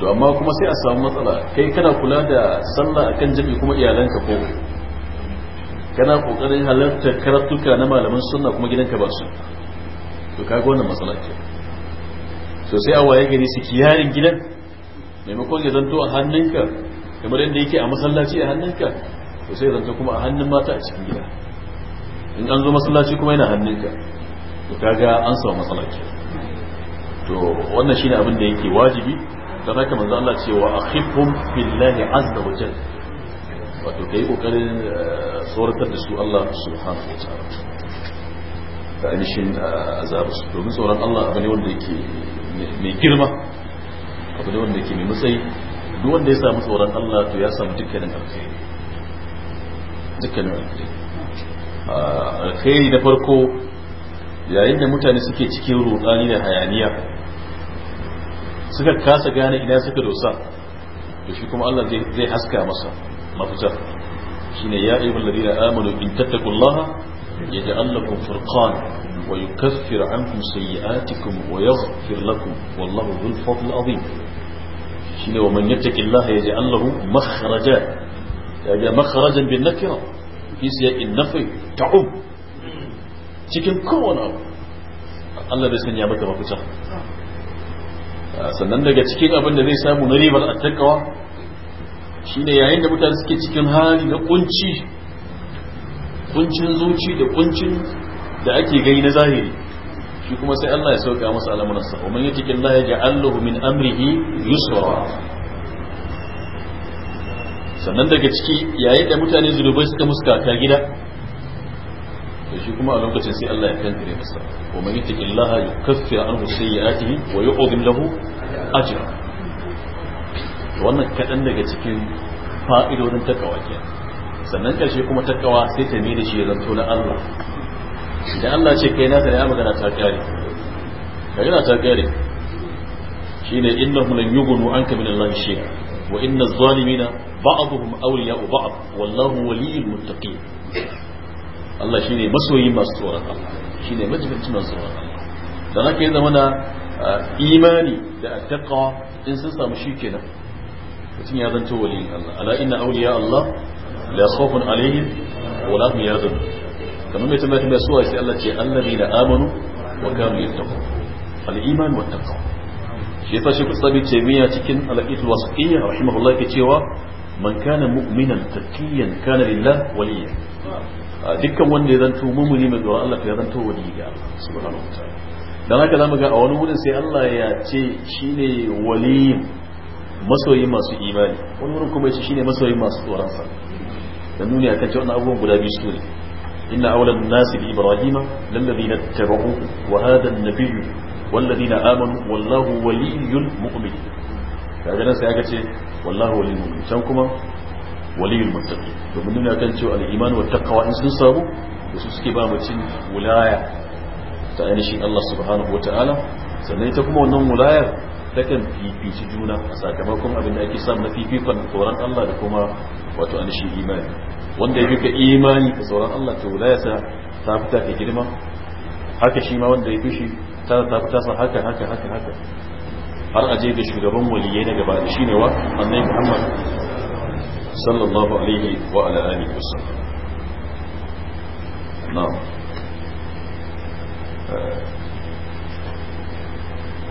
to amma kuma sai a samu matsala kai kana kula da sallah akan jami'i kuma iyalanka ko kana kokarin halartar karatuka na malaman sunna kuma gidanka ba su to kaga wannan matsala ce so sai a waye gani su kiyarin gidan maimakon ya zanto a hannunka kamar yadda yake a masallaci a hannunka to sai ya zanto kuma a hannun mata a cikin gida in an zo masallaci kuma yana hannunka to kaga an samu matsala ce to wannan shine abin da yake wajibi dan haka manzo Allah ce wa akhifhum billahi azza wa jalla wato kai kokarin eh, tsoratar da su Allah subhanahu wa ta'ala da ainihin eh, azabu su domin tsoron Allah abu ne wanda yake mai girma abu ne wanda yake mai matsayi duk wanda ya samu tsoron Allah to ya samu dukkanin alkhairi dukkanin alkhairi ah, alkhairi na farko yayin da mutane suke cikin rudani da hayaniya suka kasa gane ina suka dosa to shi kuma Allah zai haska masa مفتا شنو يا ايها الذين امنوا ان تتقوا الله يجعل لكم فرقان ويكفر عنكم سيئاتكم ويغفر لكم والله ذو الفضل العظيم شنو ومن يتق الله يجعل له مخرجا يجعل يعني مخرجا بالنكره في سياء النفي تعب cikin kowane abu Allah zai sanya maka mafita sannan daga cikin abin da zai samu na ribar attakawa shine yayin da mutane suke cikin hali na kunci kuncin zuci da kuncin da ake gani na zahiri shi kuma sai Allah ya sauka masa al'amuransa wa man yataki Allah ya ja'alahu min amrihi yusra sannan daga ciki yayin da mutane zunubai suka muskaka gida da shi kuma a lokacin sai Allah ya kankare masa wa man yataki Allah yukaffiru anhu sayyi'atihi wa yu'dhim lahu ajra wannan kaɗan daga cikin fa'idodin takawa ke sannan ƙarshe kuma takawa sai ta mai shi ya zanto na Allah idan Allah ce kai nasa ne ya magana ta kare magana ta ƙare shi ne inna hunan yugunu an kamin Allah shi wa inna zalimina ba'aduhum awliya'u ba'd wallahu waliyul muttaqin Allah shine masoyi masu tsoron Allah shine majibinci masu tsoron Allah dan haka ya zama na imani da attaqwa in sun samu shi kenan mutum ya zanto wali. Allah ala inna awliya Allah la khawfun alaihim wa la hum yahzanun kamar mai tambaya tambaya suwa sai Allah ce alladhina amanu wa kanu yattaqun al iman wa taqwa shi yasa shi kusabi ce miya cikin al-aqid wasaqiyya rahimahullah ke cewa man kana mu'minan taqiyan kana lillah waliya ah, dukkan wanda ya zanto mumuni mai tsoron Allah ya zanto wali ga Allah subhanahu wa ta'ala dan haka zamu ga a wani wurin sai Allah ya ce shine waliyin masoyi masu imani wani wurin kuma yace shine masoyi masu tsoronsa. sa da nuni kan cewa wannan abubuwan guda biyu su ne inna awlan nasi bi ibrahima na tabi'u wa hadha an-nabiyyu walladhina amanu wallahu waliyyul mu'min kaga nan sai aka ce wallahu waliyyul mu'min can kuma waliyyul muttaqin domin nuni kan cewa al-iman wa taqwa in sun samu su suke ba mutum wulaya. ta ainihin Allah subhanahu wa ta'ala sannan ita kuma wannan wulayar takan fifici juna a sakamakon abin da ake samu na fifikon tsoron Allah da kuma wato an shi imani wanda ya fi ka imani ka tsoron Allah to da yasa ta fita ka girma haka shi ma wanda ya fi shi ta ta fita sa haka haka haka haka har aje ga shugaban waliyai na gaba shi ne wa annabi Muhammad sallallahu alaihi wa ala alihi wasallam na'am eh,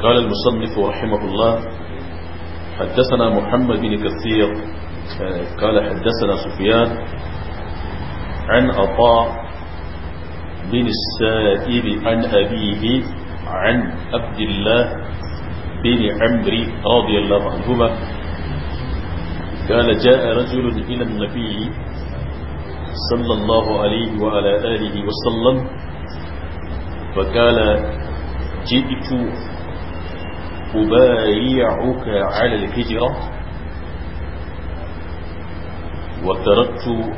قال المصنف رحمه الله حدثنا محمد بن كثير قال حدثنا سفيان عن عطاء بن السائب عن أبيه عن عبد الله بن عمري رضي الله عنهما قال جاء رجل إلى النبي صلى الله عليه وعلى آله وسلم فقال جئت أبايعك على الهجرة وتركت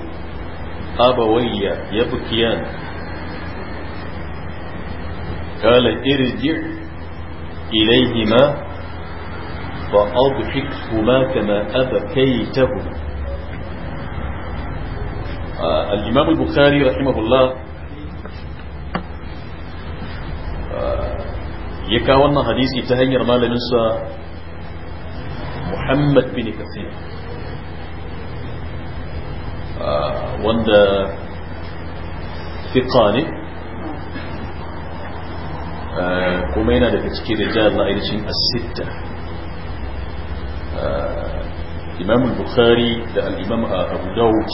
أبوي يبكيان قال ارجع إليهما فأضحكهما كما أبكيتهما آه الإمام البخاري رحمه الله ya kawo wannan hadisi ta hanyar malaminsa muhammad bin kasir wanda fiqa ne kuma yana daga cikin rijal na ainihin asitta imam bukhari da al'imam abu dawud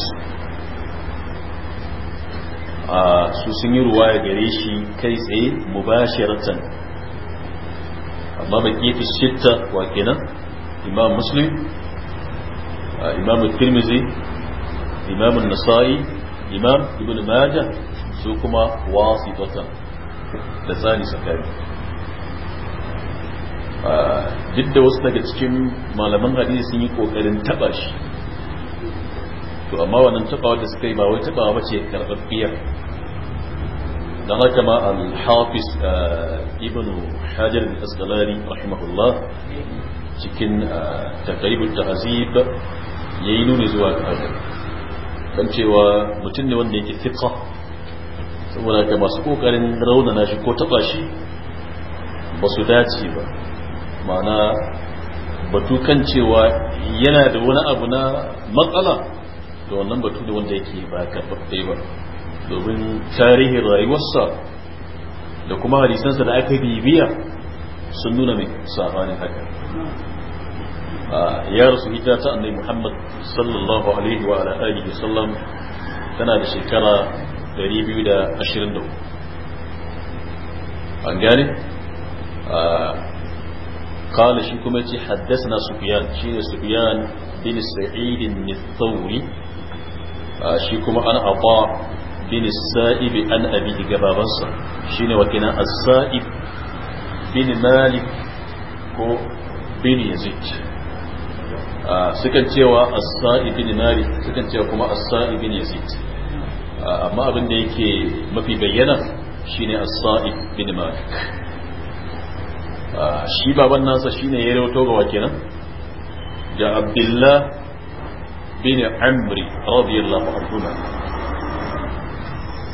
su sun yi ruwa gare shi kai tsaye mubashiratan amma baqiyatu sitta wa kenan imam muslim uh, imam tirmizi imam nasai imam ibn majah su kuma wasitatan da tsani sakari uh, duk da wasu daga cikin malaman hadisi sun yi kokarin taba shi to amma wannan tabawa da suka yi ba wai tabawa bace karbabbiyar don haka ma al-hafiz ibn hajar al-asqalani rahimahullah cikin takribul tahzib yayi nuni zuwa ga dan cewa mutum ne wanda yake fiqa saboda ka masu kokarin raunana shi ko taba shi ba su dace ba ma'ana batu kan cewa yana da wani abu na matsala da wannan batu da wanda yake ba karɓaɓɓe ba domin tarihin rayuwarsa da kuma hadisansa da aka bibiya sun nuna mai sabanin haka ya rasu hijira ta annabi Muhammad sallallahu alaihi wa ala alihi sallam tana da shekara 224 an gane قال شي كما يجي حدثنا سفيان شي سفيان بن سعيد الثوري شي كما انا عطاء bin sa'ibi an abihi ga babansa shine wakilan as-sa'ib bin malik ko bin yazid ah, sukan cewa as-sa'ib bin malik sukan cewa kuma as-sa'ib bin yazid ah, amma abin da yake mafi bayyana shine as-sa'ib bin malik ah, shi baban nasa shine ya rawato ga wakilan da abdullah bin amri radiyallahu anhu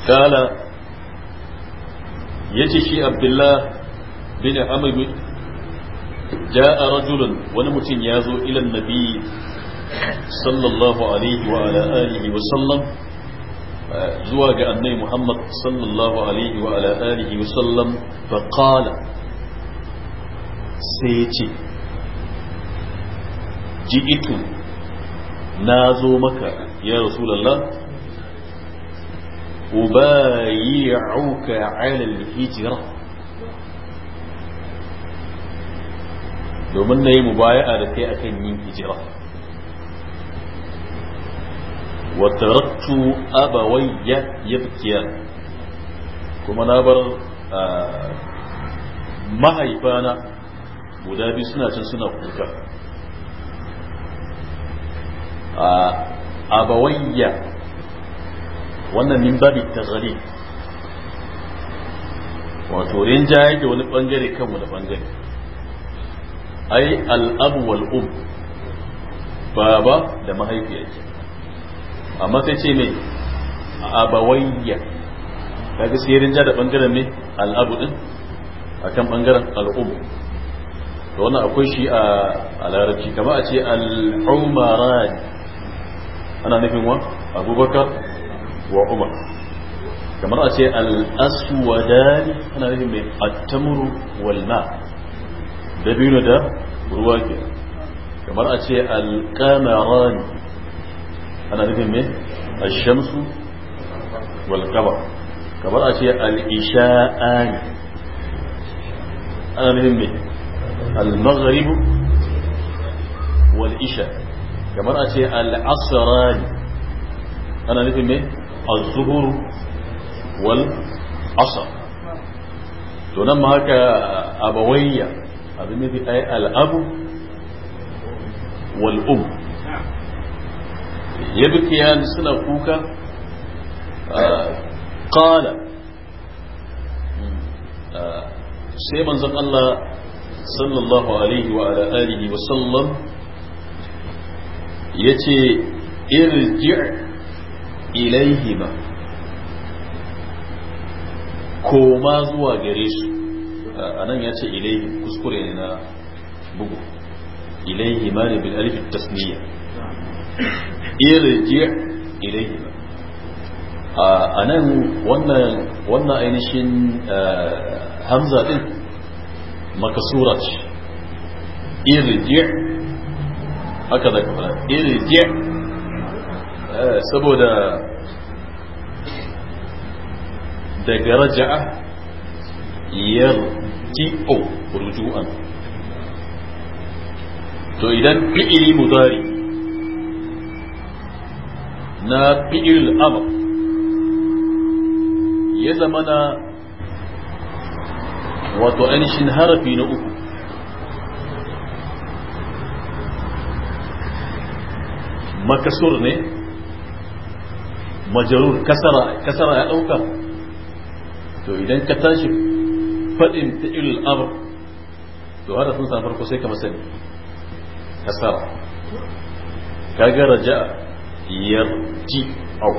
kala yace shi abdullah bin amr ja'a rajulun wani mutum ya zo ilan nabi sallallahu alaihi wa ala wa sallam zuwa ga annabi muhammad sallallahu alaihi wa ala wa sallam fa qala sai yace na zo maka ya rasulullah أبايعك على الهجرة لو من نهي مبايعة لكي أكن من هجرة وتركت أبوي يبكي كما نابر آه، ما هيفانا مدابسنا تنسنا آه، كوكا أبوي أبوي wannan min babi tazari wato rinjaye da wani bangare kan da bangare ai al'abu wal um baba da mahaifiyar, ce amma sai ce mai abawayya kaga sai rinja da bangaren ne al'abu din akan bangaren al'um Da wannan akwai shi a larabci kama a ce al'umaran ana nufin wa abubakar wa umar kamar a ce al'aswadani ana nufin mai attamuru walma dabino da ruwa ke kamar a ce al'amarani ana nufin mai ashamsu walƙaba kamar a ce al'isha'ani ana nufin mai al-magharibu wal'isha kamar a ce al'asarani ana nufin mai az-zuhur wal asr to nan ma haka abawayya abin nufi ai al Wal'um. Ya um yabkiyan suna kuka qala sai manzon Allah sallallahu alaihi wa ala alihi wa sallam yace irji' ilaihima koma zuwa gare su a nan ya ce ilaihi kuskure ne na bugu ilaihi ma ne bil alif tasniya irji ilaihi a nan wannan wannan ainihin hamza din makasura ce irji haka da kuma irji saboda daga raja'a yarji'u ruju'an to idan fi'ili mudari na fi'il amr ya zama na wato ainihin harafi na uku makasur ne majarur kasara kasara ya dauka to idan ka tashi fadin fi'il amr to har sun san farko sai ka masani kasara kaga raja yarji au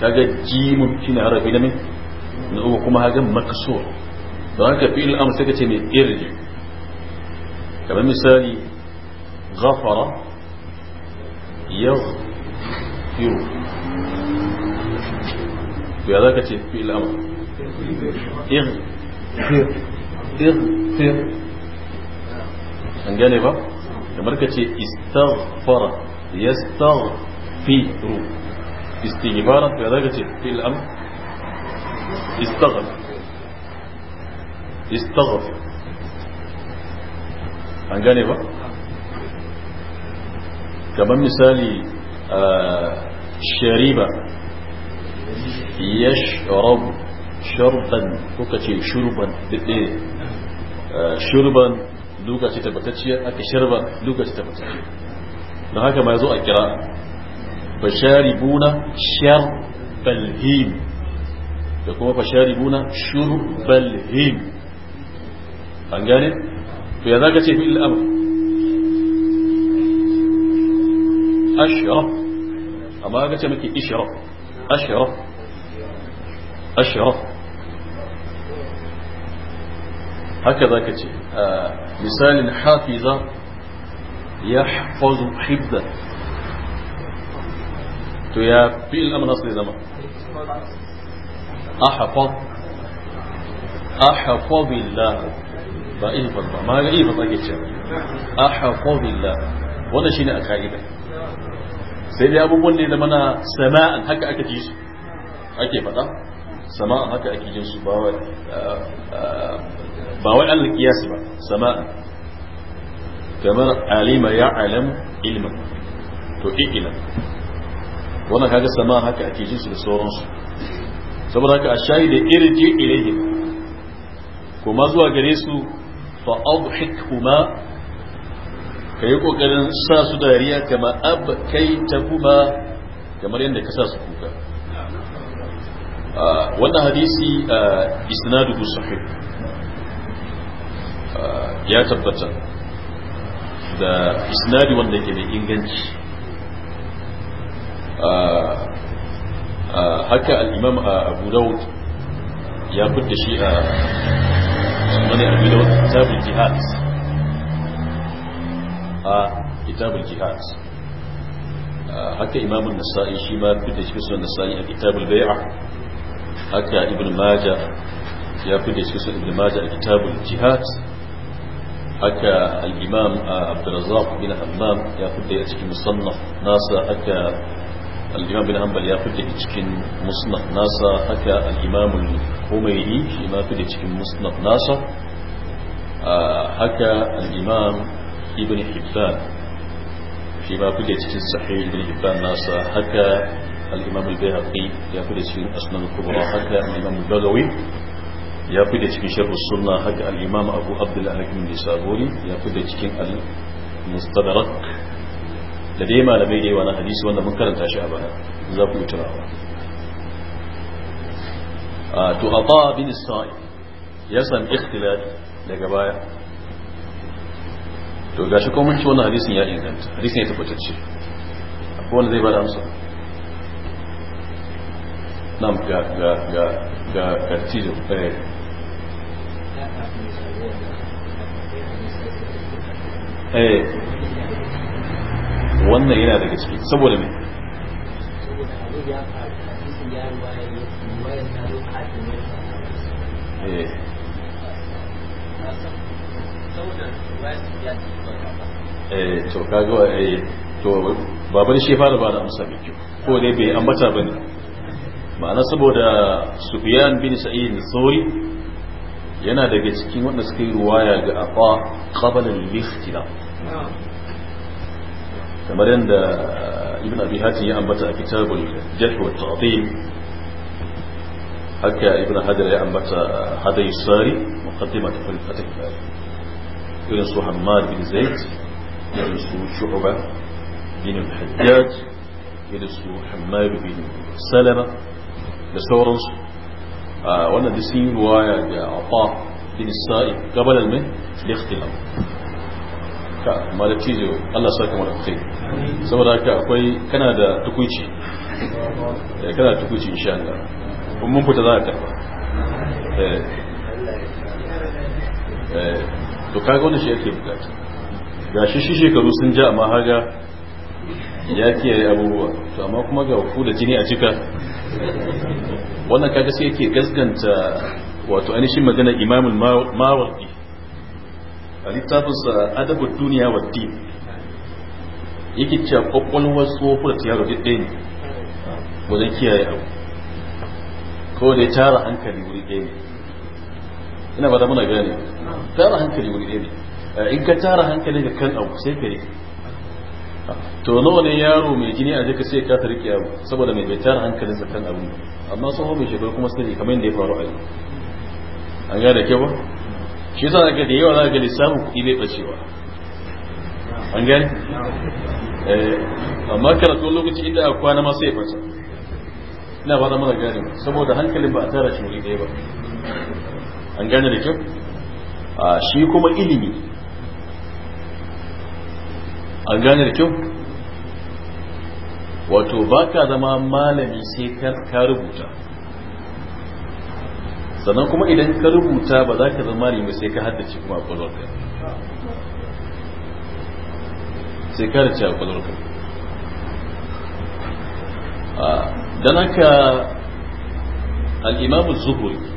kaga jimun shine harafi na min na uku kuma hagan makasur don haka fi'il amr sai ka ce ne irji kamar misali ghafara yaghfiru to ya zaka ce fi'il amr ighfir ighfir an gane ba kamar ka ce istaghfara yastaghfiru istighfara to ya zaka ce fi'il amr istaghfar istaghfar an gane ba kamar misali shariba يشرب شربا كوكتي شربا إيه. آه، شربا لوكا تتبتتشي أك شربا لوكا تتبتتشي لهاك ما يزوء الكراء فشاربون شرب الهيم يقول فشاربون شرب الهيم أنجاني في هذا كتب إلا أمر أشرب أما كتب إشرب أشعر أشعر هكذا كتي مثال آه، حافظة يحفظ حبدة تو يا في الأمن أصلي زمان أحفظ أحفظ الله بإيه فضل ما إيه فضل كتي أحفظ الله ولا شيء أكاديمي sai dai abubuwan ne da mana zama sama'an haka aka ji su ake faɗa sama'an haka ake jin su ba wai ba wai Allah kiyasi ba sama'an kamar alima ya alam ilmin to ilam wannan kaga sama'an haka ake jin su da sauransu saboda haka a shayi da irji ilayhim kuma zuwa gare su fa adhik huma ka yi ƙoƙarin sa su dariya kama kai ta kuma kamar yadda ka sa su kuka ah, wannan hadisi ah, Isnadu sahih ah, ya tabbata da Isnadu wanda ke da inganci haka al'imam abu daud ya da shi a sunan abu daud tabin jihad a kitabul jihad haka imam an nasa'i shi ma fita shi sunan nasa'i a kitabul bai'a haka ibn majah ya fita shi sunan ibn majah a kitabul jihad haka al-imam abdurrazzaq bin hammam ya fita a cikin musannaf nasa haka al-imam bin hanbal ya fita a cikin musnad nasa haka al-imam al-humaydi shi ma fita cikin musnad nasa haka al-imam ibn hibban shi ma kuke cikin sahih ibn hibban nasa haka al-imam al-bayhaqi ya kuke cikin asnan kubra haka al-imam al-bagawi ya kuke cikin sharh sunna haka al-imam abu abdullah hakim nisaburi ya kuke cikin al-mustadrak da dai malamai da yawa na hadisi wanda mun karanta shi a baya za ku yi tunawa to ata bin sa'i ya san ikhtilafi daga baya to gashi kuma shi wannan hadisin ya inganta hadisin ya tabbatacce akwai wanda zai bada amsa nam ga ga ga ga kartijo eh eh wannan yana daga ciki saboda ne eh eh shi fara bada da amsa mai kyau ko dai bai ambata ne ma'ana saboda sufiyan bin Sa'id Thawri yana daga cikin wanda suka yi ruwaya ga Afa qabla al kamar yadda Ibn Abi Hatim ya ambata a kitabul Jarh wa Ta'dil haka Ibn Hajar ya ambata Hadith Sari muqaddimat al-Fath كان سوى حمار بن زيد كان سوى شعبة بن الحجاج كان سوى حمار بن سلمة بسورنس وانا دي سين رواية عطاء بن السائب قبل المن لاختلاف ما لا تيجي الله ساك ما نبخي سورا كا كوي كنا دا تكويشي uh, كنا دا تكويشي إن شاء الله ومن كتذاك ايه uh, ايه uh, to kaga wanda shi yake bukata ga shi shi shekaru sun ja amma haga ya kiyaye abubuwa to amma kuma ga ku da jini a jika wannan kaga sai yake gaskanta wato ainihin magana imamul mawardi a sa adabu duniya wa din yake cewa kwakwalwar wofura ta yaro ɗaya ne wajen kiyaye abu ko da ya tara hankali wuri ɗaya ne ina ba da muna gane tara hankali wuri ne eh, in ka tara hankali ga kan abu sai ka rike to nawa ne yaro mai jini a jika sai ka ta rike abu saboda mai bai tara hankalin sa kan abu amma tsohon mai shekaru kuma sai kamar yadda ya faru a yi an gane ke ba shi yasa zaka da yawa zaka ga samun kuɗi bai bacewa an gane eh, amma karatu lokaci inda a kwana ma sai ya fata ina ba da mana gane saboda hankalin ba a tara shi wuri ɗaya ba an gane da kyau a shi kuma ilimi an gane da kyau wato ba ka zama malami sai ka rubuta sannan kuma idan ka rubuta ba za ka zama malami sai ka haddace kuma a kwallonka sai ka haddace a kwallonka don haka al'imamu zuhuri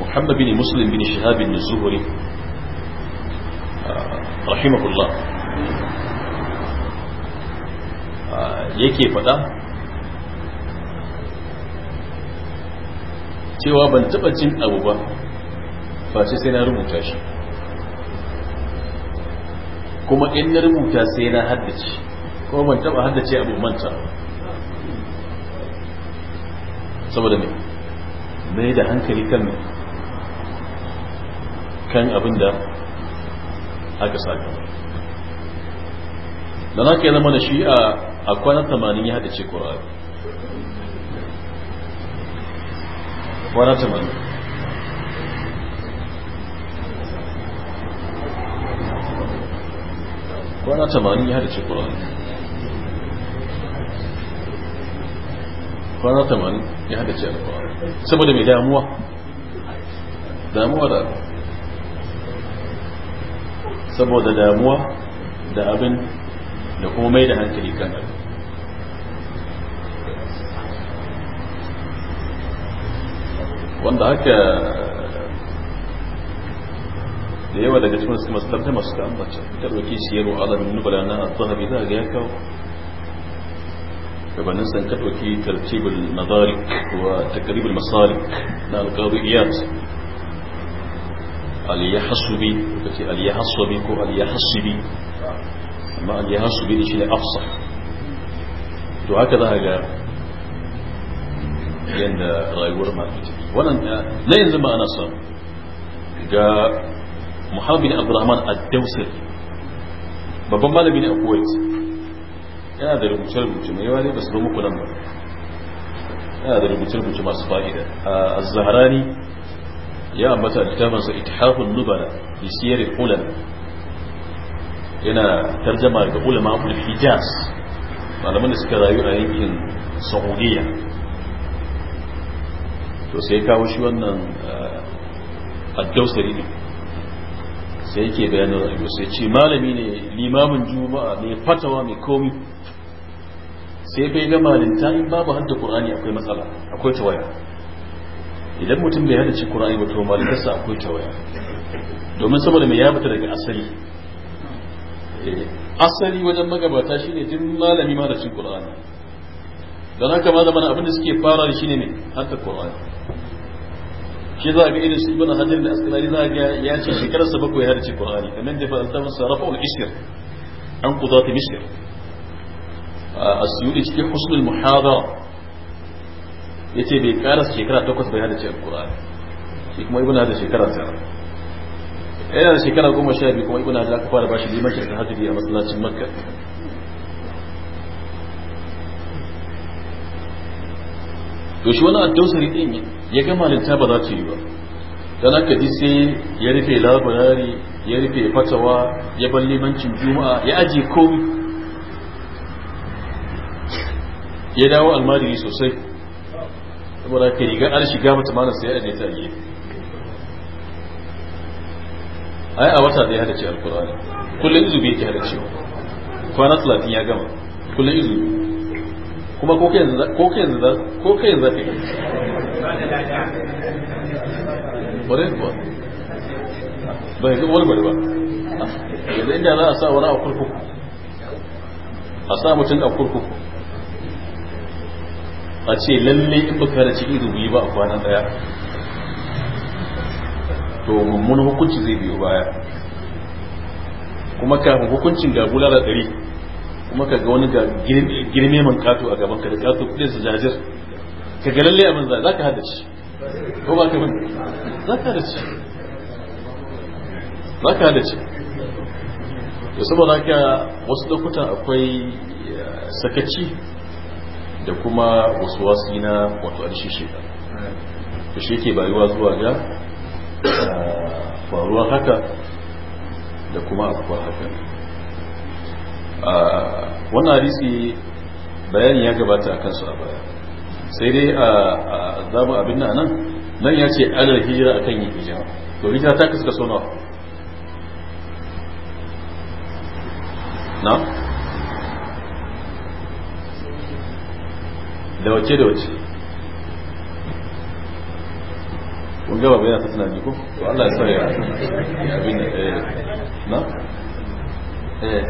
muhammad bin muslim bin shahabin da zuhuri rahimahullah yake faɗa cewa ban taɓa cin abu ba face sai na rubuta shi kuma in na rubuta sai na haddace kuma ban taɓa haddace abu manta saboda ne. mai da hankali kan kan abin da aka saka don haka ya zama da shi a kwanan tamanin ya haddace ƙwararri kwanan tamanin kwana tamanin ya hadace ƙwararri Kwanan tamanin ya haɗa ce saboda mai damuwa damuwa da saboda damuwa da abin da kuma mai da hankali kan abin wanda haka da yawa daga cikin masu tarjama suka ambata ta ɗauki siyarwa alamin nubala na al-zahabi za a ga ya kawo gabanin san ka ɗauki tartibul madarik wa takribul masalik na alqadiyat aliyahasubi kace aliyahasubi ko aliyahasibi amma aliyahasubi shi ne afsah to haka za ga yadda rayuwar mafi wannan na yanzu ba ana samu ga muhammad bin abdurrahman ad-dawsir babban malami ne a kuwait yana da rubuce-rubuce mai yawa ne ba su zo muku nan ba yana da rubuce-rubuce masu fa'ida a zaharani ya ambata a littafinsa itihafin nubala fi siyarin ulama yana tarjama ga ulama hijaz malaman da suka rayu a yankin saudiya to sai kawo shi wannan addausari ne sai yake bayanin rayuwa sai ce malami ne limamin juma'a mai fatawa mai komi sai bai ga malinta in babu hadda qur'ani akwai matsala akwai tawaya idan mutum bai haddace qur'ani ba to malintarsa akwai tawaya domin saboda mai ya fita daga asali eh, asali wajen magabata shine duk malami mara da cin qur'ani don haka ma zamana abin da suke fara shi shine ne hadda qur'ani shi za a ga irin sun ibn hajar da askalari za a ga ya ce shekarar sa bakwai ya haddace qur'ani kamar da fa al-tafsir rafa al-ishr an qudati misr asyuri cikin husnul muhadara yace bai karasa shekara takwas bai hada cikin qur'ani shi kuma ibnu da shekara tara yana da shekara goma sha biyu kuma ibnu da aka fara bashi liman shirkan hajji a masallacin makka to shi wani addausari ɗin ya ga malinta ba za ta yi ba dan haka ji sai ya rufe labarari ya rufe fatawa ya bar limancin juma'a ya aje komai ya dawo almajiri sosai saboda ka riga an shiga mata mana sai ya aje ta gefe ai a wata da hada ce alkur'ani kullum izubi yake hada cewa kwana talatin ya gama kullum izubi kuma ko yanzu za ko yanzu za ko yanzu za ka yi bare kuwa bai ga wani bari ba yanzu inda za a sa wani a kurkuku a sa mutum a kurkuku a ce lalle in baka da ido biyu ba a kwana daya to mummun hukunci zai biyo baya kuma kafin hukuncin ga bulala ɗari kuma ka ga wani ga girme man kato a gaban ka da kato kudin su jajir ka ga lalle abin za ka hada ci. ko ba ka bin za ka haddace za ka haddace to saboda haka wasu lokutan akwai eh, sakaci da kuma wasu wasi na wato alishe shekaru da shi ke bayuwa zuwa ga ah, faruwar haka da kuma afuwar haka ah, wannan hadisi bayani ya gabata a kansu a baya sai dai a ah, zama abin nan nan nan ya ce alal hijira akan yin hijira to hijira ta kasu nawa na da wace da wace kun gaba bai yasa suna ko to Allah ya sa ya abin da eh na eh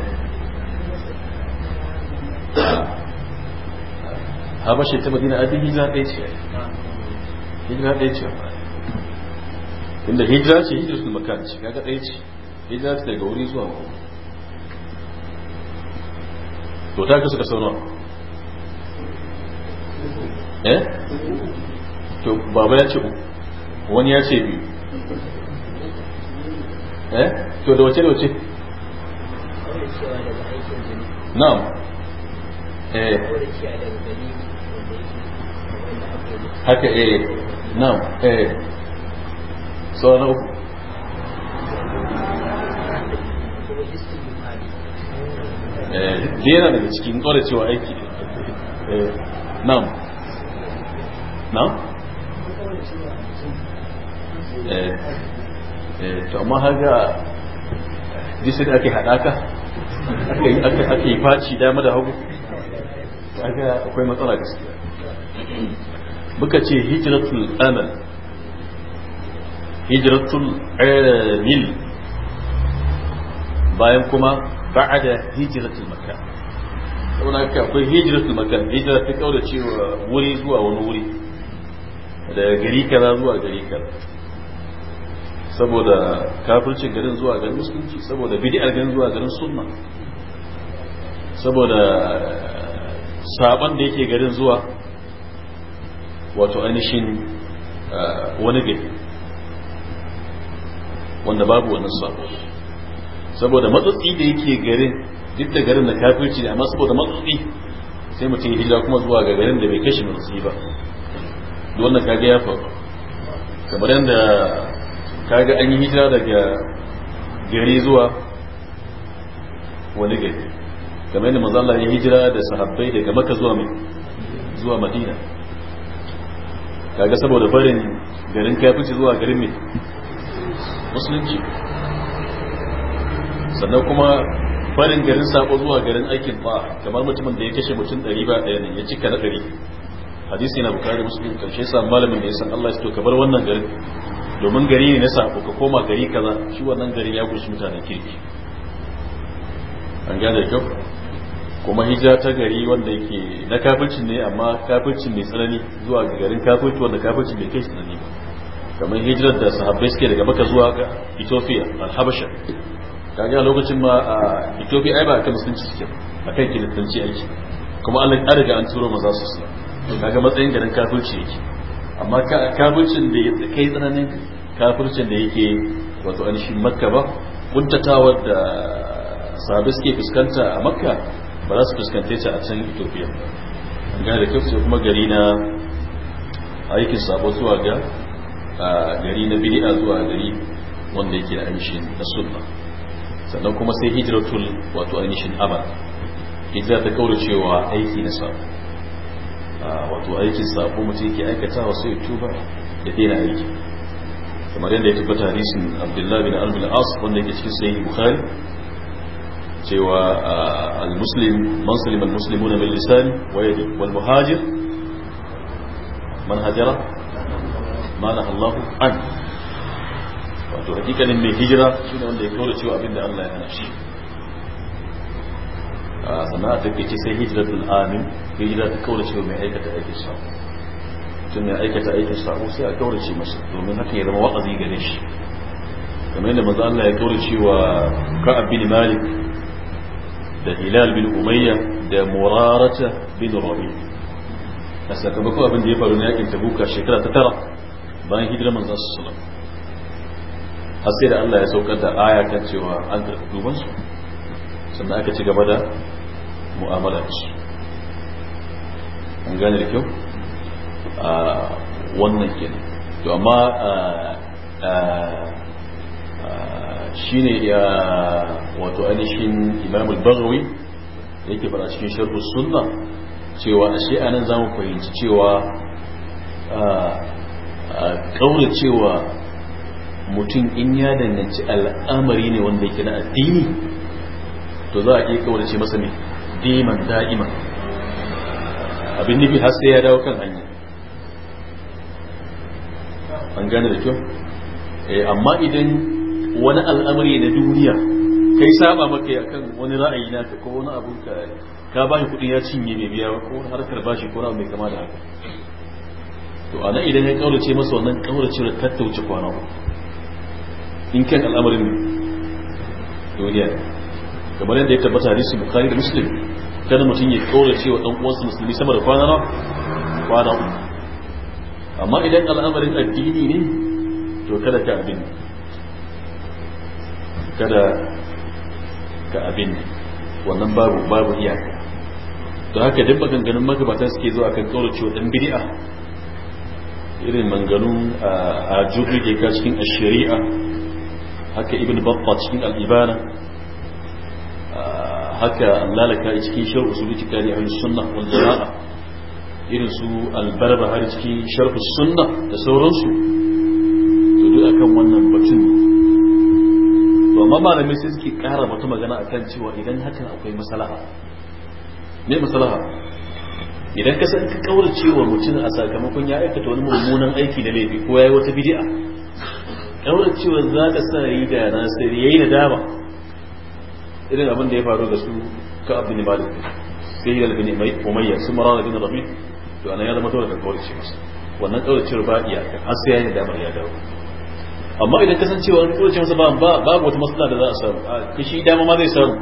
habashi ta madina abin hijira ɗaya ce hijira ɗaya ce inda hijira ce hijira su makan ce kaga ɗaya ce hijira ce daga wuri zuwa wuri to ta kasu ka sauran eh to baba ya ce wani ya ce biyu eh to da wace da wace na'am eh haka eh na'am eh uku eh yana daga cikin tsora cewa aiki eh na'am na'am eh, eh, to amma haga jisun ake haɗaka ake yi faci dama da hagu haga akwai matsala gaskiya muka ce hijiratul amal hijiratul amil bayan kuma ba'ada hijiratul saboda haka akwai hijiratul makan hijira ta da cewa wuri zuwa wani wuri daga gari kaza zuwa gari kaza saboda kafircin garin zuwa garin musulunci saboda bidiyar garin zuwa garin sunna saboda eh, saban da yake garin zuwa wato ainihin eh, wani gari wanda babu wannan sabo saboda matsatsi da yake garin duk da garin da kafirci ne amma saboda matsatsi sai mutum ya hijira kuma zuwa ga garin da bai kashi motsi ba da wannan kaga ya faru kamar yadda kaga an yi hijira daga gari zuwa wani gari kamar yadda manzo Allah ya hijira da sahabbai daga Makka zuwa mai zuwa Madina kaga saboda farin garin kafirci zuwa garin mai musulunci sannan kuma barin garin sako zuwa garin aikin ba kamar mutumin da ya kashe mutum ɗari ba ɗaya ne ya cika na ɗari hadisi na bukari musulun karshe sa malamin da ya san Allah ya to kabar wannan garin domin gari ne na sako ka koma gari kaza shi wannan gari ya gushi mutanen kirki an gane kyau kuma hijira ta gari wanda yake na kafircin ne amma kafircin mai tsanani zuwa ga garin kafirci wanda kafircin bai kai tsanani ba kamar hijirar da sahabbai suke daga maka zuwa ga ethiopia al-habasha ka a lokacin ma a Ethiopia ai ba ta musulunci suke ba kan kiristanci aiki kuma Allah ya riga an turo maza su su kaga matsayin garin kafirci yake amma kafircin da ya kai tsananin kafircin da yake wato shi makka ba kuntatawar da sabis ke fuskanta a makka ba za su fuskante ta a can ethiopia gane da kyau kuma gari na aikin sabo zuwa ga gari na bid'a zuwa gari wanda yake da amshin da sunna sannan kuma sai hijratul wato ainihin amal hijira ta kaura cewa aiki na sabo ah, wato aikin sabo mutum yake aikata wasu ya tuba ya daina aiki kamar yadda ya tabbata hadisin abdullahi bin amr as wanda yake cikin sahih bukhari cewa ah, al-muslim man al-muslimuna bil lisan wa yadi wal muhajir man hajara ma Allah an wato hakikanin mai hijira shi ne wanda ya kawo cewa abinda Allah ya hana shi a sana'a ta ce sai hijira tun amin hijira ta kawo cewa mai aikata aikin sa tun mai aikata aikin sa'o sai a kawo ce masa domin haka ya zama wa'azi gare shi kamar yadda maza Allah ya kawo cewa ka'ab bin malik da hilal bin umayya da murarata bin rabi' a sakamakon abin da ya faru na yakin tabuka shekara ta tara bayan hijira manzan su salam har sai da Allah ya saukar da aya kan cewa an karɓi duban su sannan aka ci gaba da mu'amala su an gane da kyau a wannan kenan to amma shi ne ya wato ainihin imamul bagawi yake fara cikin sharhu sunna cewa a shi anan zamu fahimci cewa kaura cewa mutum in ya danganci al'amari ne wanda yake na addini to za a iya kaurace masa ne diman da'iman abin nufi har sai ya dawo kan hanya an gane da kyau eh, amma idan wani al'amari na duniya kai saba maka akan wani ra'ayi ka ko wani abun ka ka bashi kuɗi ya cinye mai biya ko harkar bashi ko mai kama da haka to ana idan ya kaurace masa wannan kaurace da tattauce kwana uku in kan al'amarin duniya kamar yadda ya tabbata hadisi bukhari da muslim kada mutum ya kore cewa dan uwansa musulmi sama da kwana na kwana uku amma idan al'amarin addini ne to kada ka abin kada ka abin wannan babu babu iyaka to haka duk maganganun magabatan suke zuwa kan kaura cewa dan bid'a irin manganun a da ka cikin shari'a haka ibn babba cikin al'ibana ah, haka lalaka cikin shar usuli tikani a sunna wal jama'a irin su albarba har cikin sharh sunna da sauransu to duk akan wannan batun to amma malamai sai suke kara wata magana akan cewa idan hakan akwai maslaha me maslaha idan ka san ka kaurace wa mutum a sakamakon ya aikata wani mummunan aiki da laifi ko ya yi wata bid'a ɗaura cewa za ka sa yi da na sai yayi na dama irin abin da ya faru da su ka abin da sai ya labini mai umayya sun mara da bin rabi to anan ya zama dole ka ce masa wannan ɗaura cewa ba iyaka har sai yayi da damar ya dawo amma idan kasancewa an ce masa ba ba wata matsala da za a samu a kishi dama ma zai samu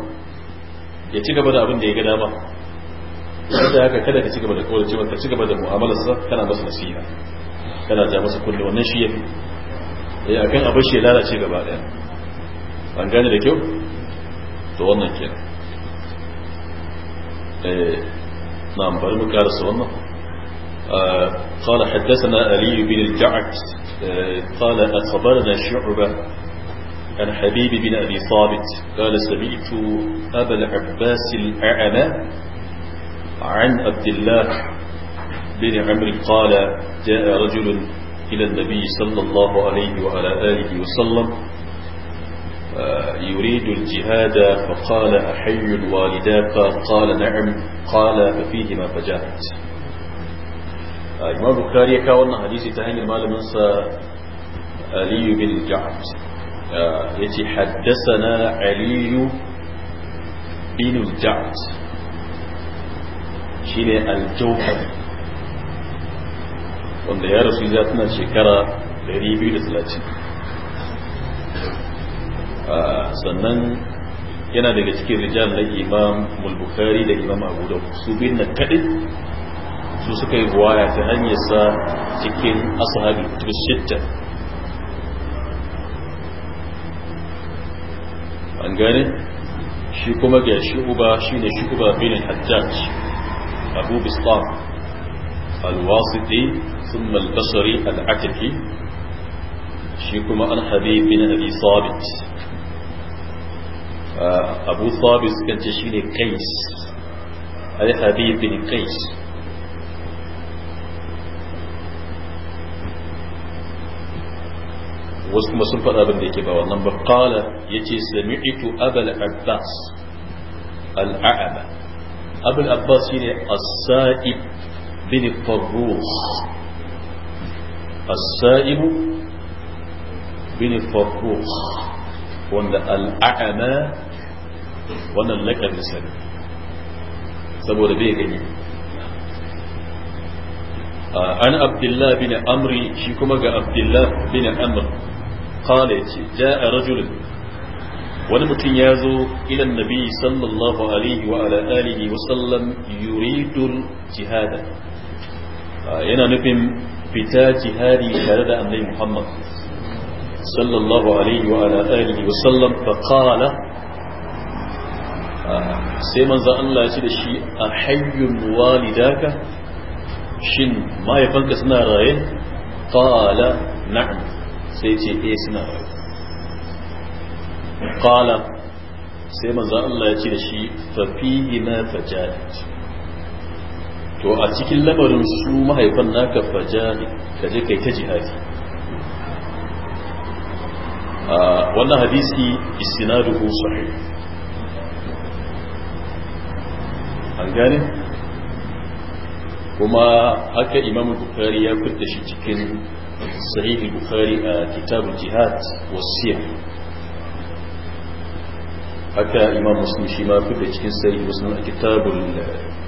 ya ci gaba da abin da ya ga dama da haka kada ka ci gaba da ce masa ka ci gaba da mu'amalarsa kana masa nasiha kana ja masa kulle. wannan shi fi. eh akan abin shi lalace gaba daya an gane da kyau to wannan ke eh na bari mu karasa wannan قال حدثنا علي بن الجعد قال أخبرنا شعبة عن حبيب بن أبي ثابت قال سمعت أبا العباس الأعمى عن عبد الله بن عمرو قال جاء رجل إلى النبي صلى الله عليه وعلى آله وسلم آه، يريد الجهاد فقال أحي الوالداك قال نعم قال ففيهما فجاهد آه، إمام بكاري كاونا حديث تهين المال منسى آه، علي بن جعد يتي حدثنا علي بن الجعد شيني الجوهر wanda ya rasu ya tana shekara 230 ah, sannan yana daga cikin rijal na imam mulbukhari da imam abu da su bin na kaɗi su suka yi waya ta sa cikin asahabi tushitta an gane shi kuma ga shi uba shi ne shi uba bin hajjaj abu الواسطي ثم البصري العكفي شيكما أن حبيب بن أبي صابت آه، أبو صابت كان تشيل قيس أي حبيب بن قيس وسكما سنفع أبن ذيكي بوا قال يتي سمعت أبا العباس الأعمى أبا العباس السائب بن الطروس السائب بن الطروس وان الاعمى وان لك بسن سبور بيه أنا عبد الله بن أمري يعني. شكما آه، عبد الله بن أمر قالت جاء رجل ونمتن يازو إلى النبي صلى الله عليه وعلى آله وسلم يريد الجهاد yana nufin fita jihadi tare da annabi Muhammad sallallahu alaihi wa ala alihi wa sallam fa qala sai manzo Allah ya ce da shi a hayyun walidaka shin ma ya mahaifanka suna raye qala na'am sai ce eh suna raye qala sai manzo Allah ya ce da shi fa fihi ma fajahid to a cikin lamarin su mahaifan naka fajani ka je kai ta jihadi wannan hadisi isnaduhu sahih an gane kuma haka imam bukhari ya fitta shi cikin sahih bukhari a kitabul jihad wasiyah haka imam muslim shi ma fitta cikin sahih muslim a kitabul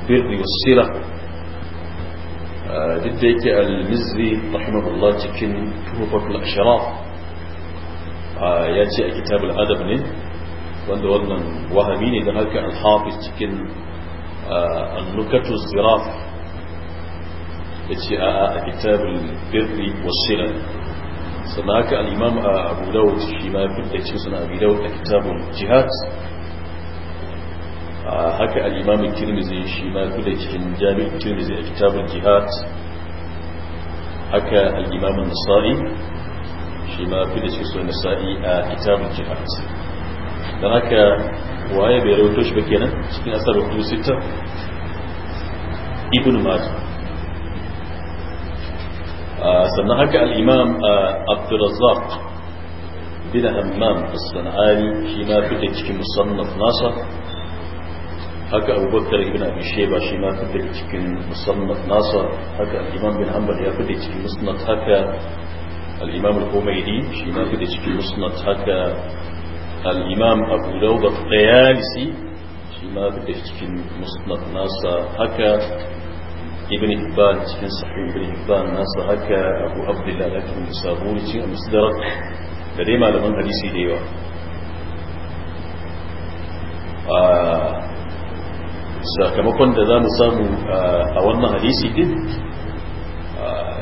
birri wasirah آه، ديك المزري رحمه الله تكن كفر الأشراف آه، يأتي كتاب الأدب ني وانده وانن وهميني ده هلك الحافظ تكن آه، النكت الزراف يأتي كتاب البر والسنة سنعك الإمام أبو داود فيما يقول تكسي سنع أبي داود كتاب الجهاد haka al'imamin tirmizi shi ma fi da cikin jami'in tirmizi a kitabun jihad haka al'imamin nasa'i shi ma fi da cikin sun nasa'i a kitabun jihad don haka waye bai rahoto shi ba kenan cikin asar hudu sita ibn mata sannan haka al'imam abdurazzaq bin hammam as-sana'ari shi ma fi da cikin musannaf nasa haka abubakar ibn abi sheba shi ma fi daga cikin musamman nasa haka imam bin hanbal ya fi daga cikin musnad haka al-imam al-humaydi shi ma fi daga cikin musnad haka al-imam abu dawud al-qayalisi shi ma fi cikin musnad nasa haka ibn hibban cikin sahih ibn hibban nasa haka abu abdullah lakin sabuni cikin musdarak da dai malaman hadisi da yawa ah, sakamakon da za mu samu a wannan hadisi din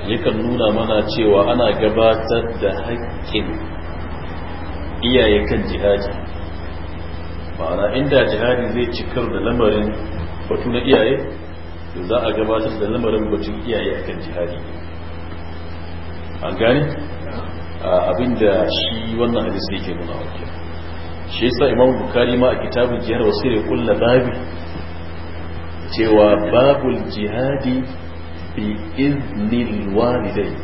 yakan nuna mana cewa ana gabatar da haƙƙin iyaye kan jihadi ma'ana inda jihadi zai cikar da lamarin batu na iyaye da za a gabatar da lamarin batun iyaye kan jihadi an gane abinda shi wannan hadisi yake nuna wakil shi yasa imam bukari ma a kitabun jihar wasu ya kulla babi cewa babul jihadi bi iznil walidai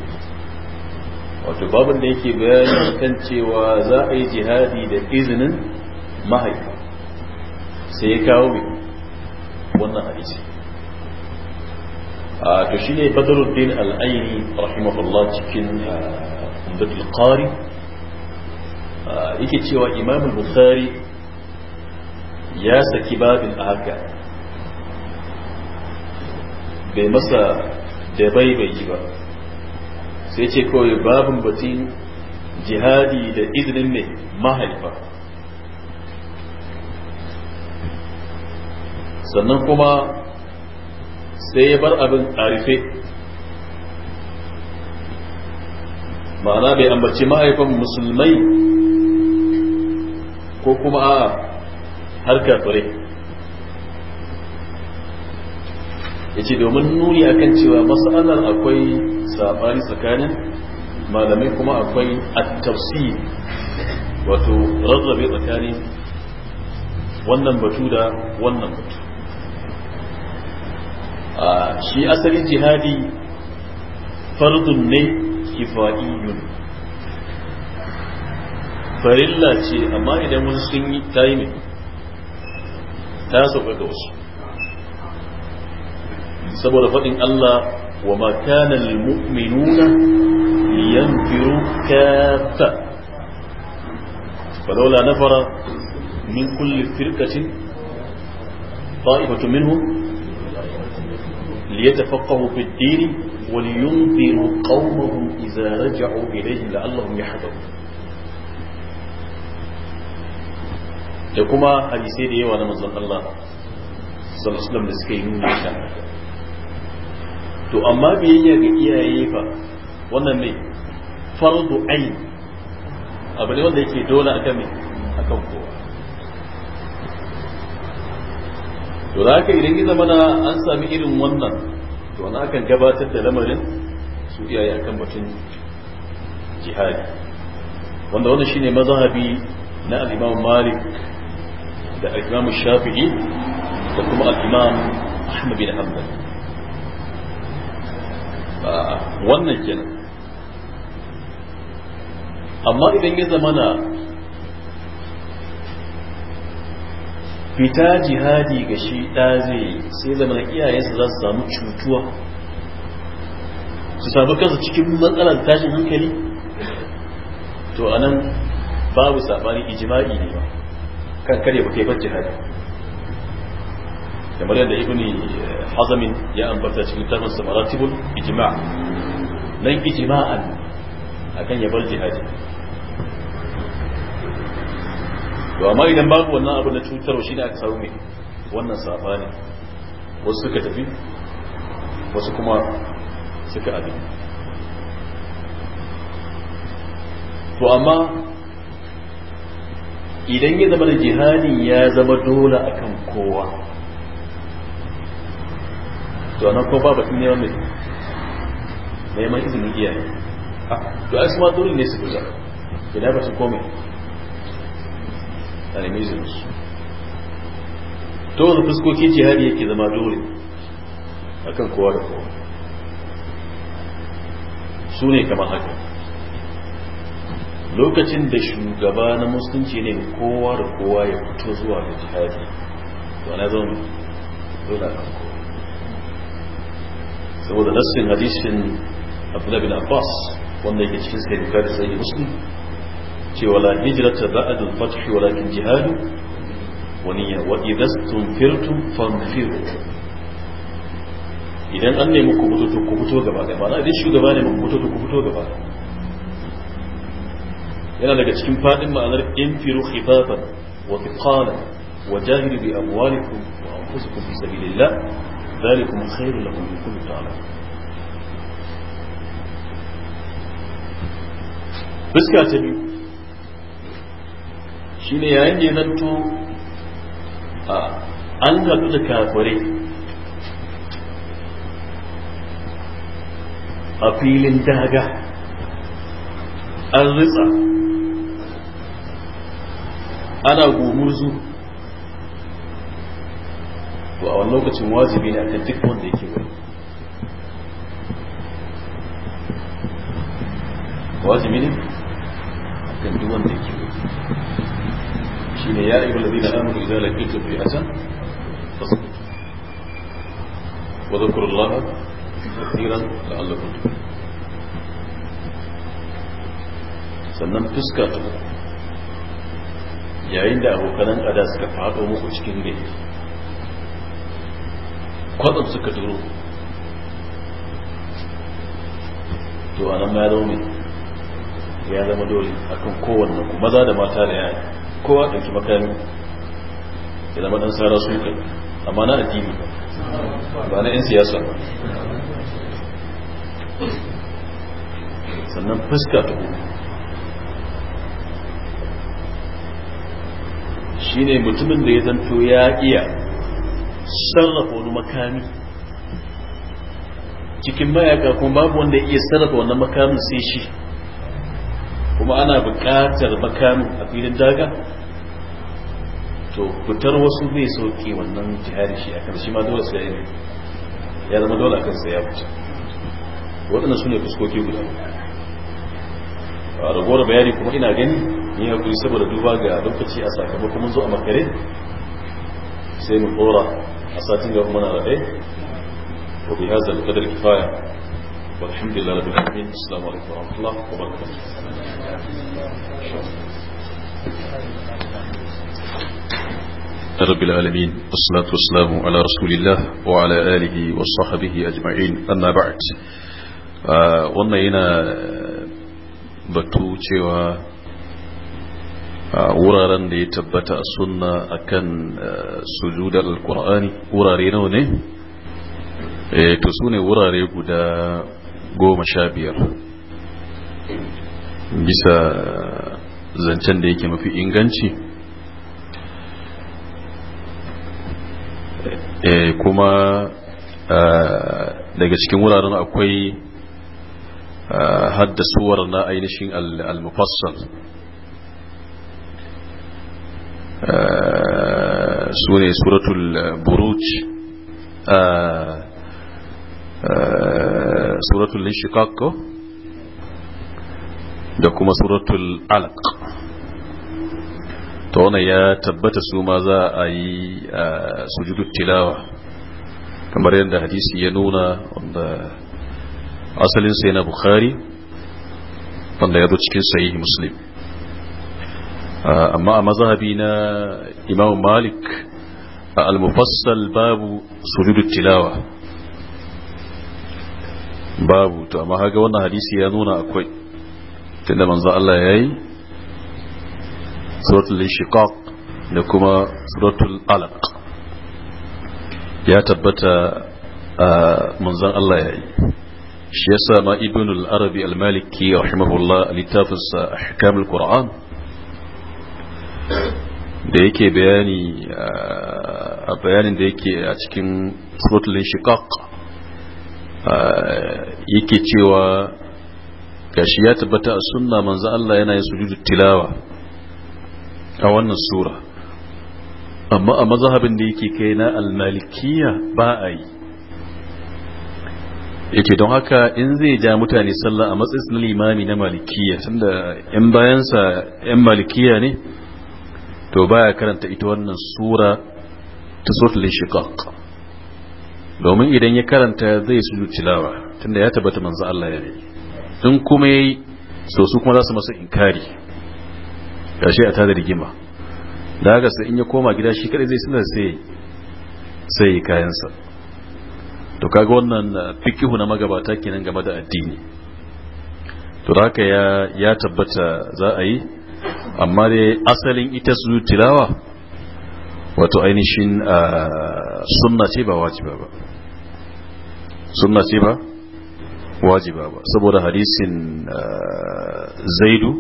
wato babun da yake bayani kan cewa za a yi jihadi da iznin mahaifa sai ya kawo mai wannan hadisi a to shine badruddin al-aini rahimahullah cikin umdatul qari yake cewa imam bukhari ya saki babin haka bai masa da bai bai ba sai ce kawai babin batun jihadi da izinin ne mahaifa sannan kuma sai ya bar abin arife ma'ana bai ambaci mahaifan musulmai ko kuma a harkar fure. ya ce domin nuni akan cewa matsalar akwai saɓani tsakanin malamai kuma akwai attafsi wato rarrabe tsakanin wannan batu da wannan batu shi asalin jihadi fardun ne kifa'iyun farilla ce amma idan wasu sun yi ta yi ne ta sauƙaƙa wasu saboda faɗin Allah wa makanan mu'minuna yanfiru kafa falaula nafara min kulli firqatin ta'ifatu minhum liyatafaqahu fid din wa liyunziru qaumahum idza raja'u ilayhim la'allahum yahdharun da kuma hadisai da yawa na manzon Allah sallallahu alaihi wasallam da suka yi nuni kan to amma biyayya ga iyaye fa wannan ne fardu ain abu ne wanda yake dole a game akan kowa to da haka idan ya zama na an sami irin wannan to wani akan gabatar da lamarin su iyaye akan batun jihadi wanda wannan shine mazhabi na al-Imam Malik da al-Imam Shafi'i da kuma al-Imam Ahmad bin Hanbal wannan kenan amma idan ya zamana fita jihadi ga shi ɗaze sai zamana iyayensa za su samu cutuwa su samu kansu cikin matsalar tashin hankali to anan babu sabani ijima'i ne ba kan kare ba kai jihadi kamar yadda ibn hazamin ya ambata cikin tafin samaratibul ijma nan ijma'an akan ya bar jihadi to amma idan babu wannan abu na cutarwa shine aka samu mai wannan safa ne wasu suka tafi wasu kuma suka abi to amma idan ya zama da jihadin ya zama dole akan kowa to nan ko babu tun neman mai neman izinin iyaye to ai su ma dole ne su fita idan ba su komai a nemi izinin su to wani fuskoki jihadi yake zama dole kan kowa da kowa su ne kamar haka lokacin da shugaba na musulunci ne kowa da kowa ya fito zuwa ga jihadi to na zama dole a kan kowa saboda nassin hadisin abdullahi bin abbas wanda yake cikin sai bukari sai muslim cewa la hijrata ba'da al-fath walakin jihadu wa niyya wa idza tunfirtum fanfiru idan an nemi ku fito to ku fito gaba gaba na idan shugaba ne ku fito to ku fito gaba yana daga cikin fadin ma'anar infiru khifafan wa thiqalan wa jahidu bi amwalikum wa anfusikum fi sabilillah ذلكم خير لكم إن كنتم تعلمون fuska ta biyu shine yayin da ya zanto an zaɓi da kafirai a filin daga an ritsa ana gumuzu to a wani lokacin wajibi ne akan duk wanda yake wuri wajibi ne akan duk wanda yake wuri shi ne ya ayyuka ladina amanu idan laqitu fi'atan fasbutu wa dhkurullaha kathiran la'allakum tuflihun sannan fuska ta yayin da abokanan kada suka faɗo muku cikin gari kwatsam suka turo to a nan ma ya zama ya zama dole akan kowanne ku maza da mata da yaya kowa ɗauki makami ya zama ɗan sara su kai amma na addini ba na 'yan siyasa sannan fuska ta shi ne mutumin da ya zanto ya iya sarrafa wani makami cikin mayaka kuma babu wanda iya sarrafa wannan makamin sai shi kuma ana buƙatar makamin a filin daga to fitar wasu zai sauke wannan jihar shi a kan shi ma dole sai ne ya zama dole a kan sai ya fita waɗannan su ne fuskoki guda a ragowar bayani kuma ina gani ni haƙuri saboda duba ga lokaci a sakamakon mun zo a makare sai mu tsora a satin gaba muna raɗe wa والحمد لله رب العالمين السلام عليكم ورحمه الله وبركاته رب العالمين والصلاة والسلام على رسول الله وعلى آله وصحبه أجمعين أما بعد آه، وأنا هنا batu wuraren da ya tabbata a sunna akan sujudar alkur'ani wurare nawa ne to su ne wurare guda goma sha biyar bisa zancen da yake mafi inganci kuma daga cikin wuraren akwai haddasuwar na ainihin al-mufassal آه، سورة سورة البروج آه، آه، سورة الانشقاق دكما سورة العلق تونا يا تبت سوما ذا أي سجود التلاوة كما رأينا حديث ينونا عند أصل سينا بخاري عند يدو تشكين سيه مسلم آه، أما مذهبنا إمام مالك آه، المفصل باب سجود التلاوة باب تأما هاجا وانا حديث يانونا أكوي تنا من ذا الله يأي سورة الانشقاق نكما سورة الألق يا تبتا آه، من ذا الله يأي شيسا ما ابن العربي المالكي رحمه الله لتافس أحكام القرآن yake bayani a bayanin da yake a cikin surutul shiqaq yake cewa gashi ya tabbata a sunna manzo Allah yana yin sujudu tilawa a wannan sura amma a mazhabin da yake kai na almalikiya ba a yi yake don haka in zai ja mutane sallah a matsayin limami na malikiya tunda yan bayansa yan malikiya ne to baya karanta ita wannan sura ta suratul shiqaq domin idan ya karanta zai su tilawa tunda ya tabbata manzo Allah ya ne in kuma yayi so su kuma za su masa inkari gashi a tada rigima da haka sai in ya koma gida shi kadai zai sanar sai sai kayan kayansa to kaga wannan uh, fikihu na magabata kenan game da addini to haka ya ya tabbata za a yi amma dai asalin ita su tilawa wato ainihin ah, sunna ce ba wajiba ba sunna ce ba wajiba ba saboda hadisin ah, zaidu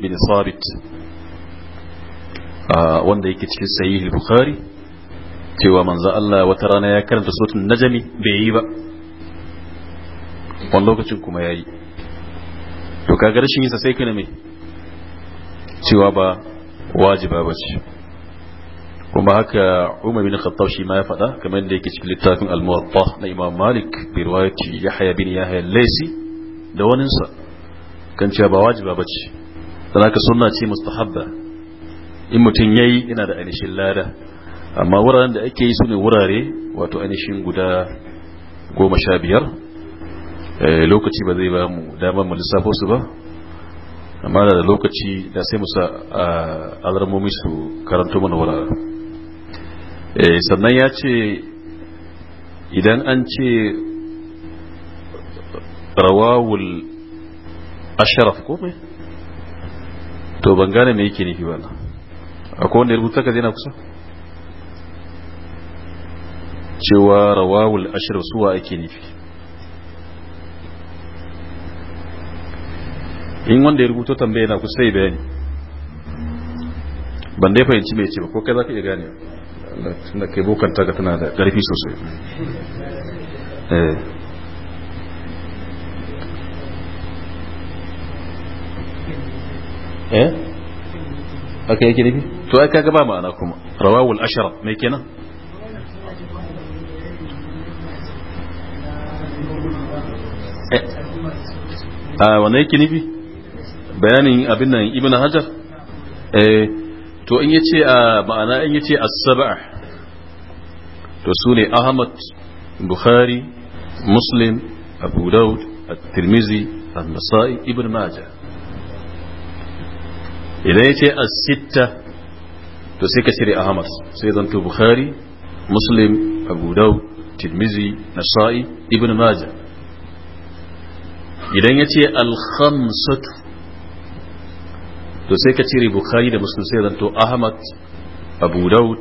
bin sabit ah, wanda yake cikin sayi bukhari cewa manzo Allah wata rana ya karanta suratul Najami bai yi ba wani lokacin kuma yi. to kaga rashin yinsa sai kana mai cewa ba wajiba ba ce kuma haka umar bin khattab shi ma ya faɗa kamar da yake cikin littafin al-muwatta na imam malik bi riwayati yahya bin yahya laysi da waninsa kan cewa ba wajiba ba ce dan haka sunna ce mustahabba in mutum yayi yana da ainihin lada amma wuraren da ake yi su ne wurare wato ainihin guda goma sha biyar eh, lokaci ba zai ba mu damar mu lissafo su ba amma da lokaci da sai musa alarmomi su karanto mana wurare eh, sannan ya ce idan an ce rawawul asharaf ko to ban gane me yake nufi wannan akwai wanda ya rubuta ka zina kusa cewa rawawul asharaf suwa ake nufi in wanda ya rubuto tambaya na kusa yi bayani ban dai fahimci mai ce ba ko kai za ka iya gane da kai bokan taga tana da ƙarfi sosai eh, eh? aka yake nufi to ai kaga ba ma'ana kuma rawawul ashara mai kenan eh? a ah, wane yake nufi bayanin abin nan ibn hajar eh to in yace a ma'ana in yace as-sab'a to sune ahmad bukhari muslim abu daud at-tirmizi an-nasa'i ibn majah idan yace as-sitta to sai ka shiri ahmad sai zan to bukhari muslim abu daud tirmizi nasa'i ibn majah idan yace al-khamsatu to sai ka cire bukhari da muslim sai zanto ahmad abu daud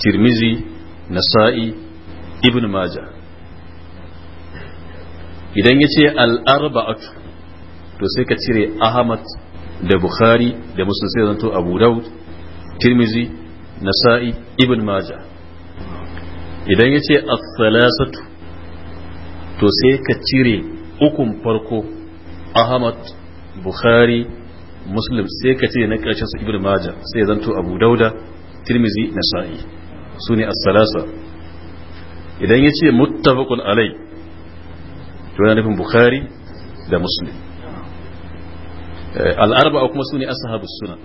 tirmizi nasa'i ibn maja idan ya ce al'arba'atu to sai ka cire ahmad da bukhari da muslim sai zanto abu daud tirmizi nasa'i ibn maja idan ya ce as-salasatu to sai ka cire ukun farko ahmad bukhari muslim sai ka ce na ƙarshen su ibn maja sai ya zanto abu dauda tirmizi nasa'i su ne as-salasa idan ya ce muttafaqun alai to yana nufin bukhari da muslim al-arba'a kuma su ne ashabus sunan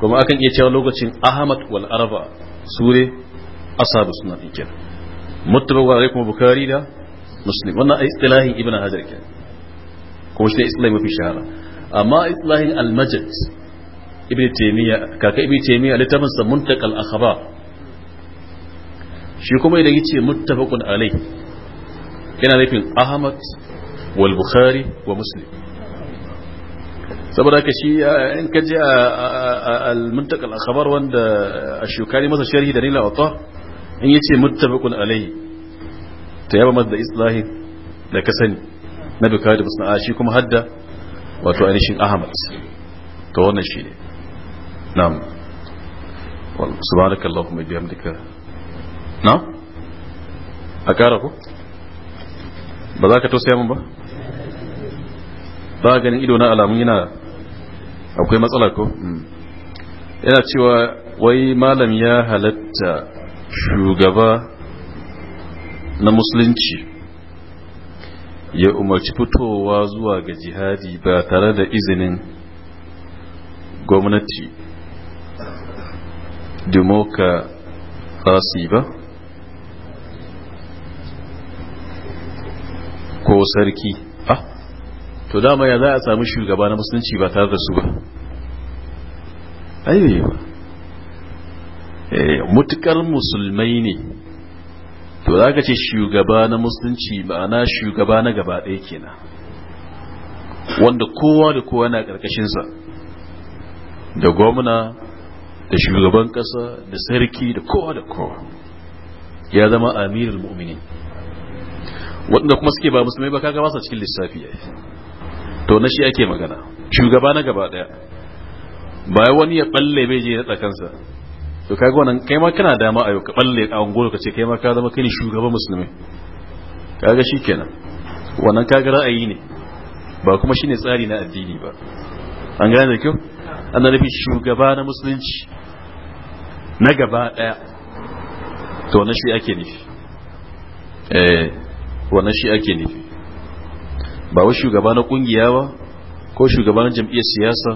kuma akan iya cewa lokacin ahmad wal arba su ne ashabus sunan kenan muttafaqun alai kuma bukhari da muslim wannan istilahin ibn hajar kenan kuma shi ne istilahi mafi shahara amma islahi al-majid ibn taymiya kaka ibn taymiya littafin sa al akhbar shi kuma idan yace muttafaqun alai yana nufin ahmad wal bukhari wa muslim saboda ka shi in ka ji al-muntaka al-akhbar wanda ash ashukari masa sharhi da nila wata in yace muttafaqun alai ta yaba masa da islahi da kasani nabi kawai da musna'a shi kuma hadda wato ainihin ahmad to wannan shi ne na'am subhanaka allahumma bihamdika na a kara ku ba za ka tausaya mun ba ba ganin ido na alamun yana akwai matsala ko hmm. yana cewa wai malam ya halatta shugaba na musulunci ya umarci fitowa zuwa ga jihadi ba tare da izinin gwamnati dimoka fasi ba ko sarki ah to dama ya za a sami shugaba na musulunci ba tare da su ba ayyuyi ba eh, mutukar musulmai ne to za ka ce shugaba na musulunci ma'ana shugaba na gaba ɗaya kenan wanda kowa da kowa na ƙarƙashinsa da gwamna da shugaban ƙasa da sarki da kowa da kowa ya zama amirul mu'minin waɗanda kuma suke ba musulmai ba kaga masa cikin lissafi to na shi ake magana shugaba na gaba ɗaya ba wani ya ɓalle bai je ya kansa to kaga wannan kai ma kana dama a yau ka balle a unguwar ka ce kai ma ka zama kai ne shugaban musulmi kaga shikenan wannan kaga ra'ayi ne ba kuma shine tsari na addini ba an gane da kyau an nufi shugaba na musulunci na gaba daya to wannan shi ake nufi eh wannan shi ake nufi ba wa shugaba na kungiya ba ko shugaban jam'iyyar siyasa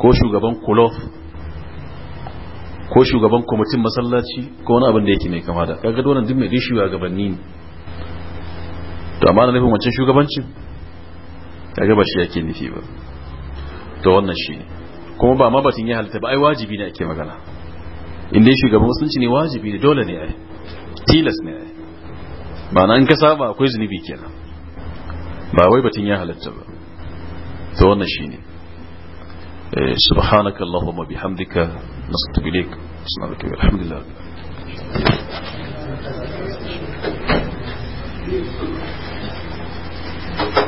ko shugaban kulof ko shugaban kwamitin masallaci ko wani abin da yake mai kama da kaga dole duk mai dai shugabanni ne to amma na nufin wancan shugabancin kaga ba shi yake nufi ba to wannan shi ne kuma ba ma batun ya halitta ba ai wajibi ne ake magana in dai shugaban musulunci ne wajibi ne dole ne ai tilas ne ai ba na in ka saba akwai zunubi kenan ba wai batun ya halitta ba to wannan shi ne اللهم eh, bihamdika نصبت إليك سبحانك الحمد لله Thank you.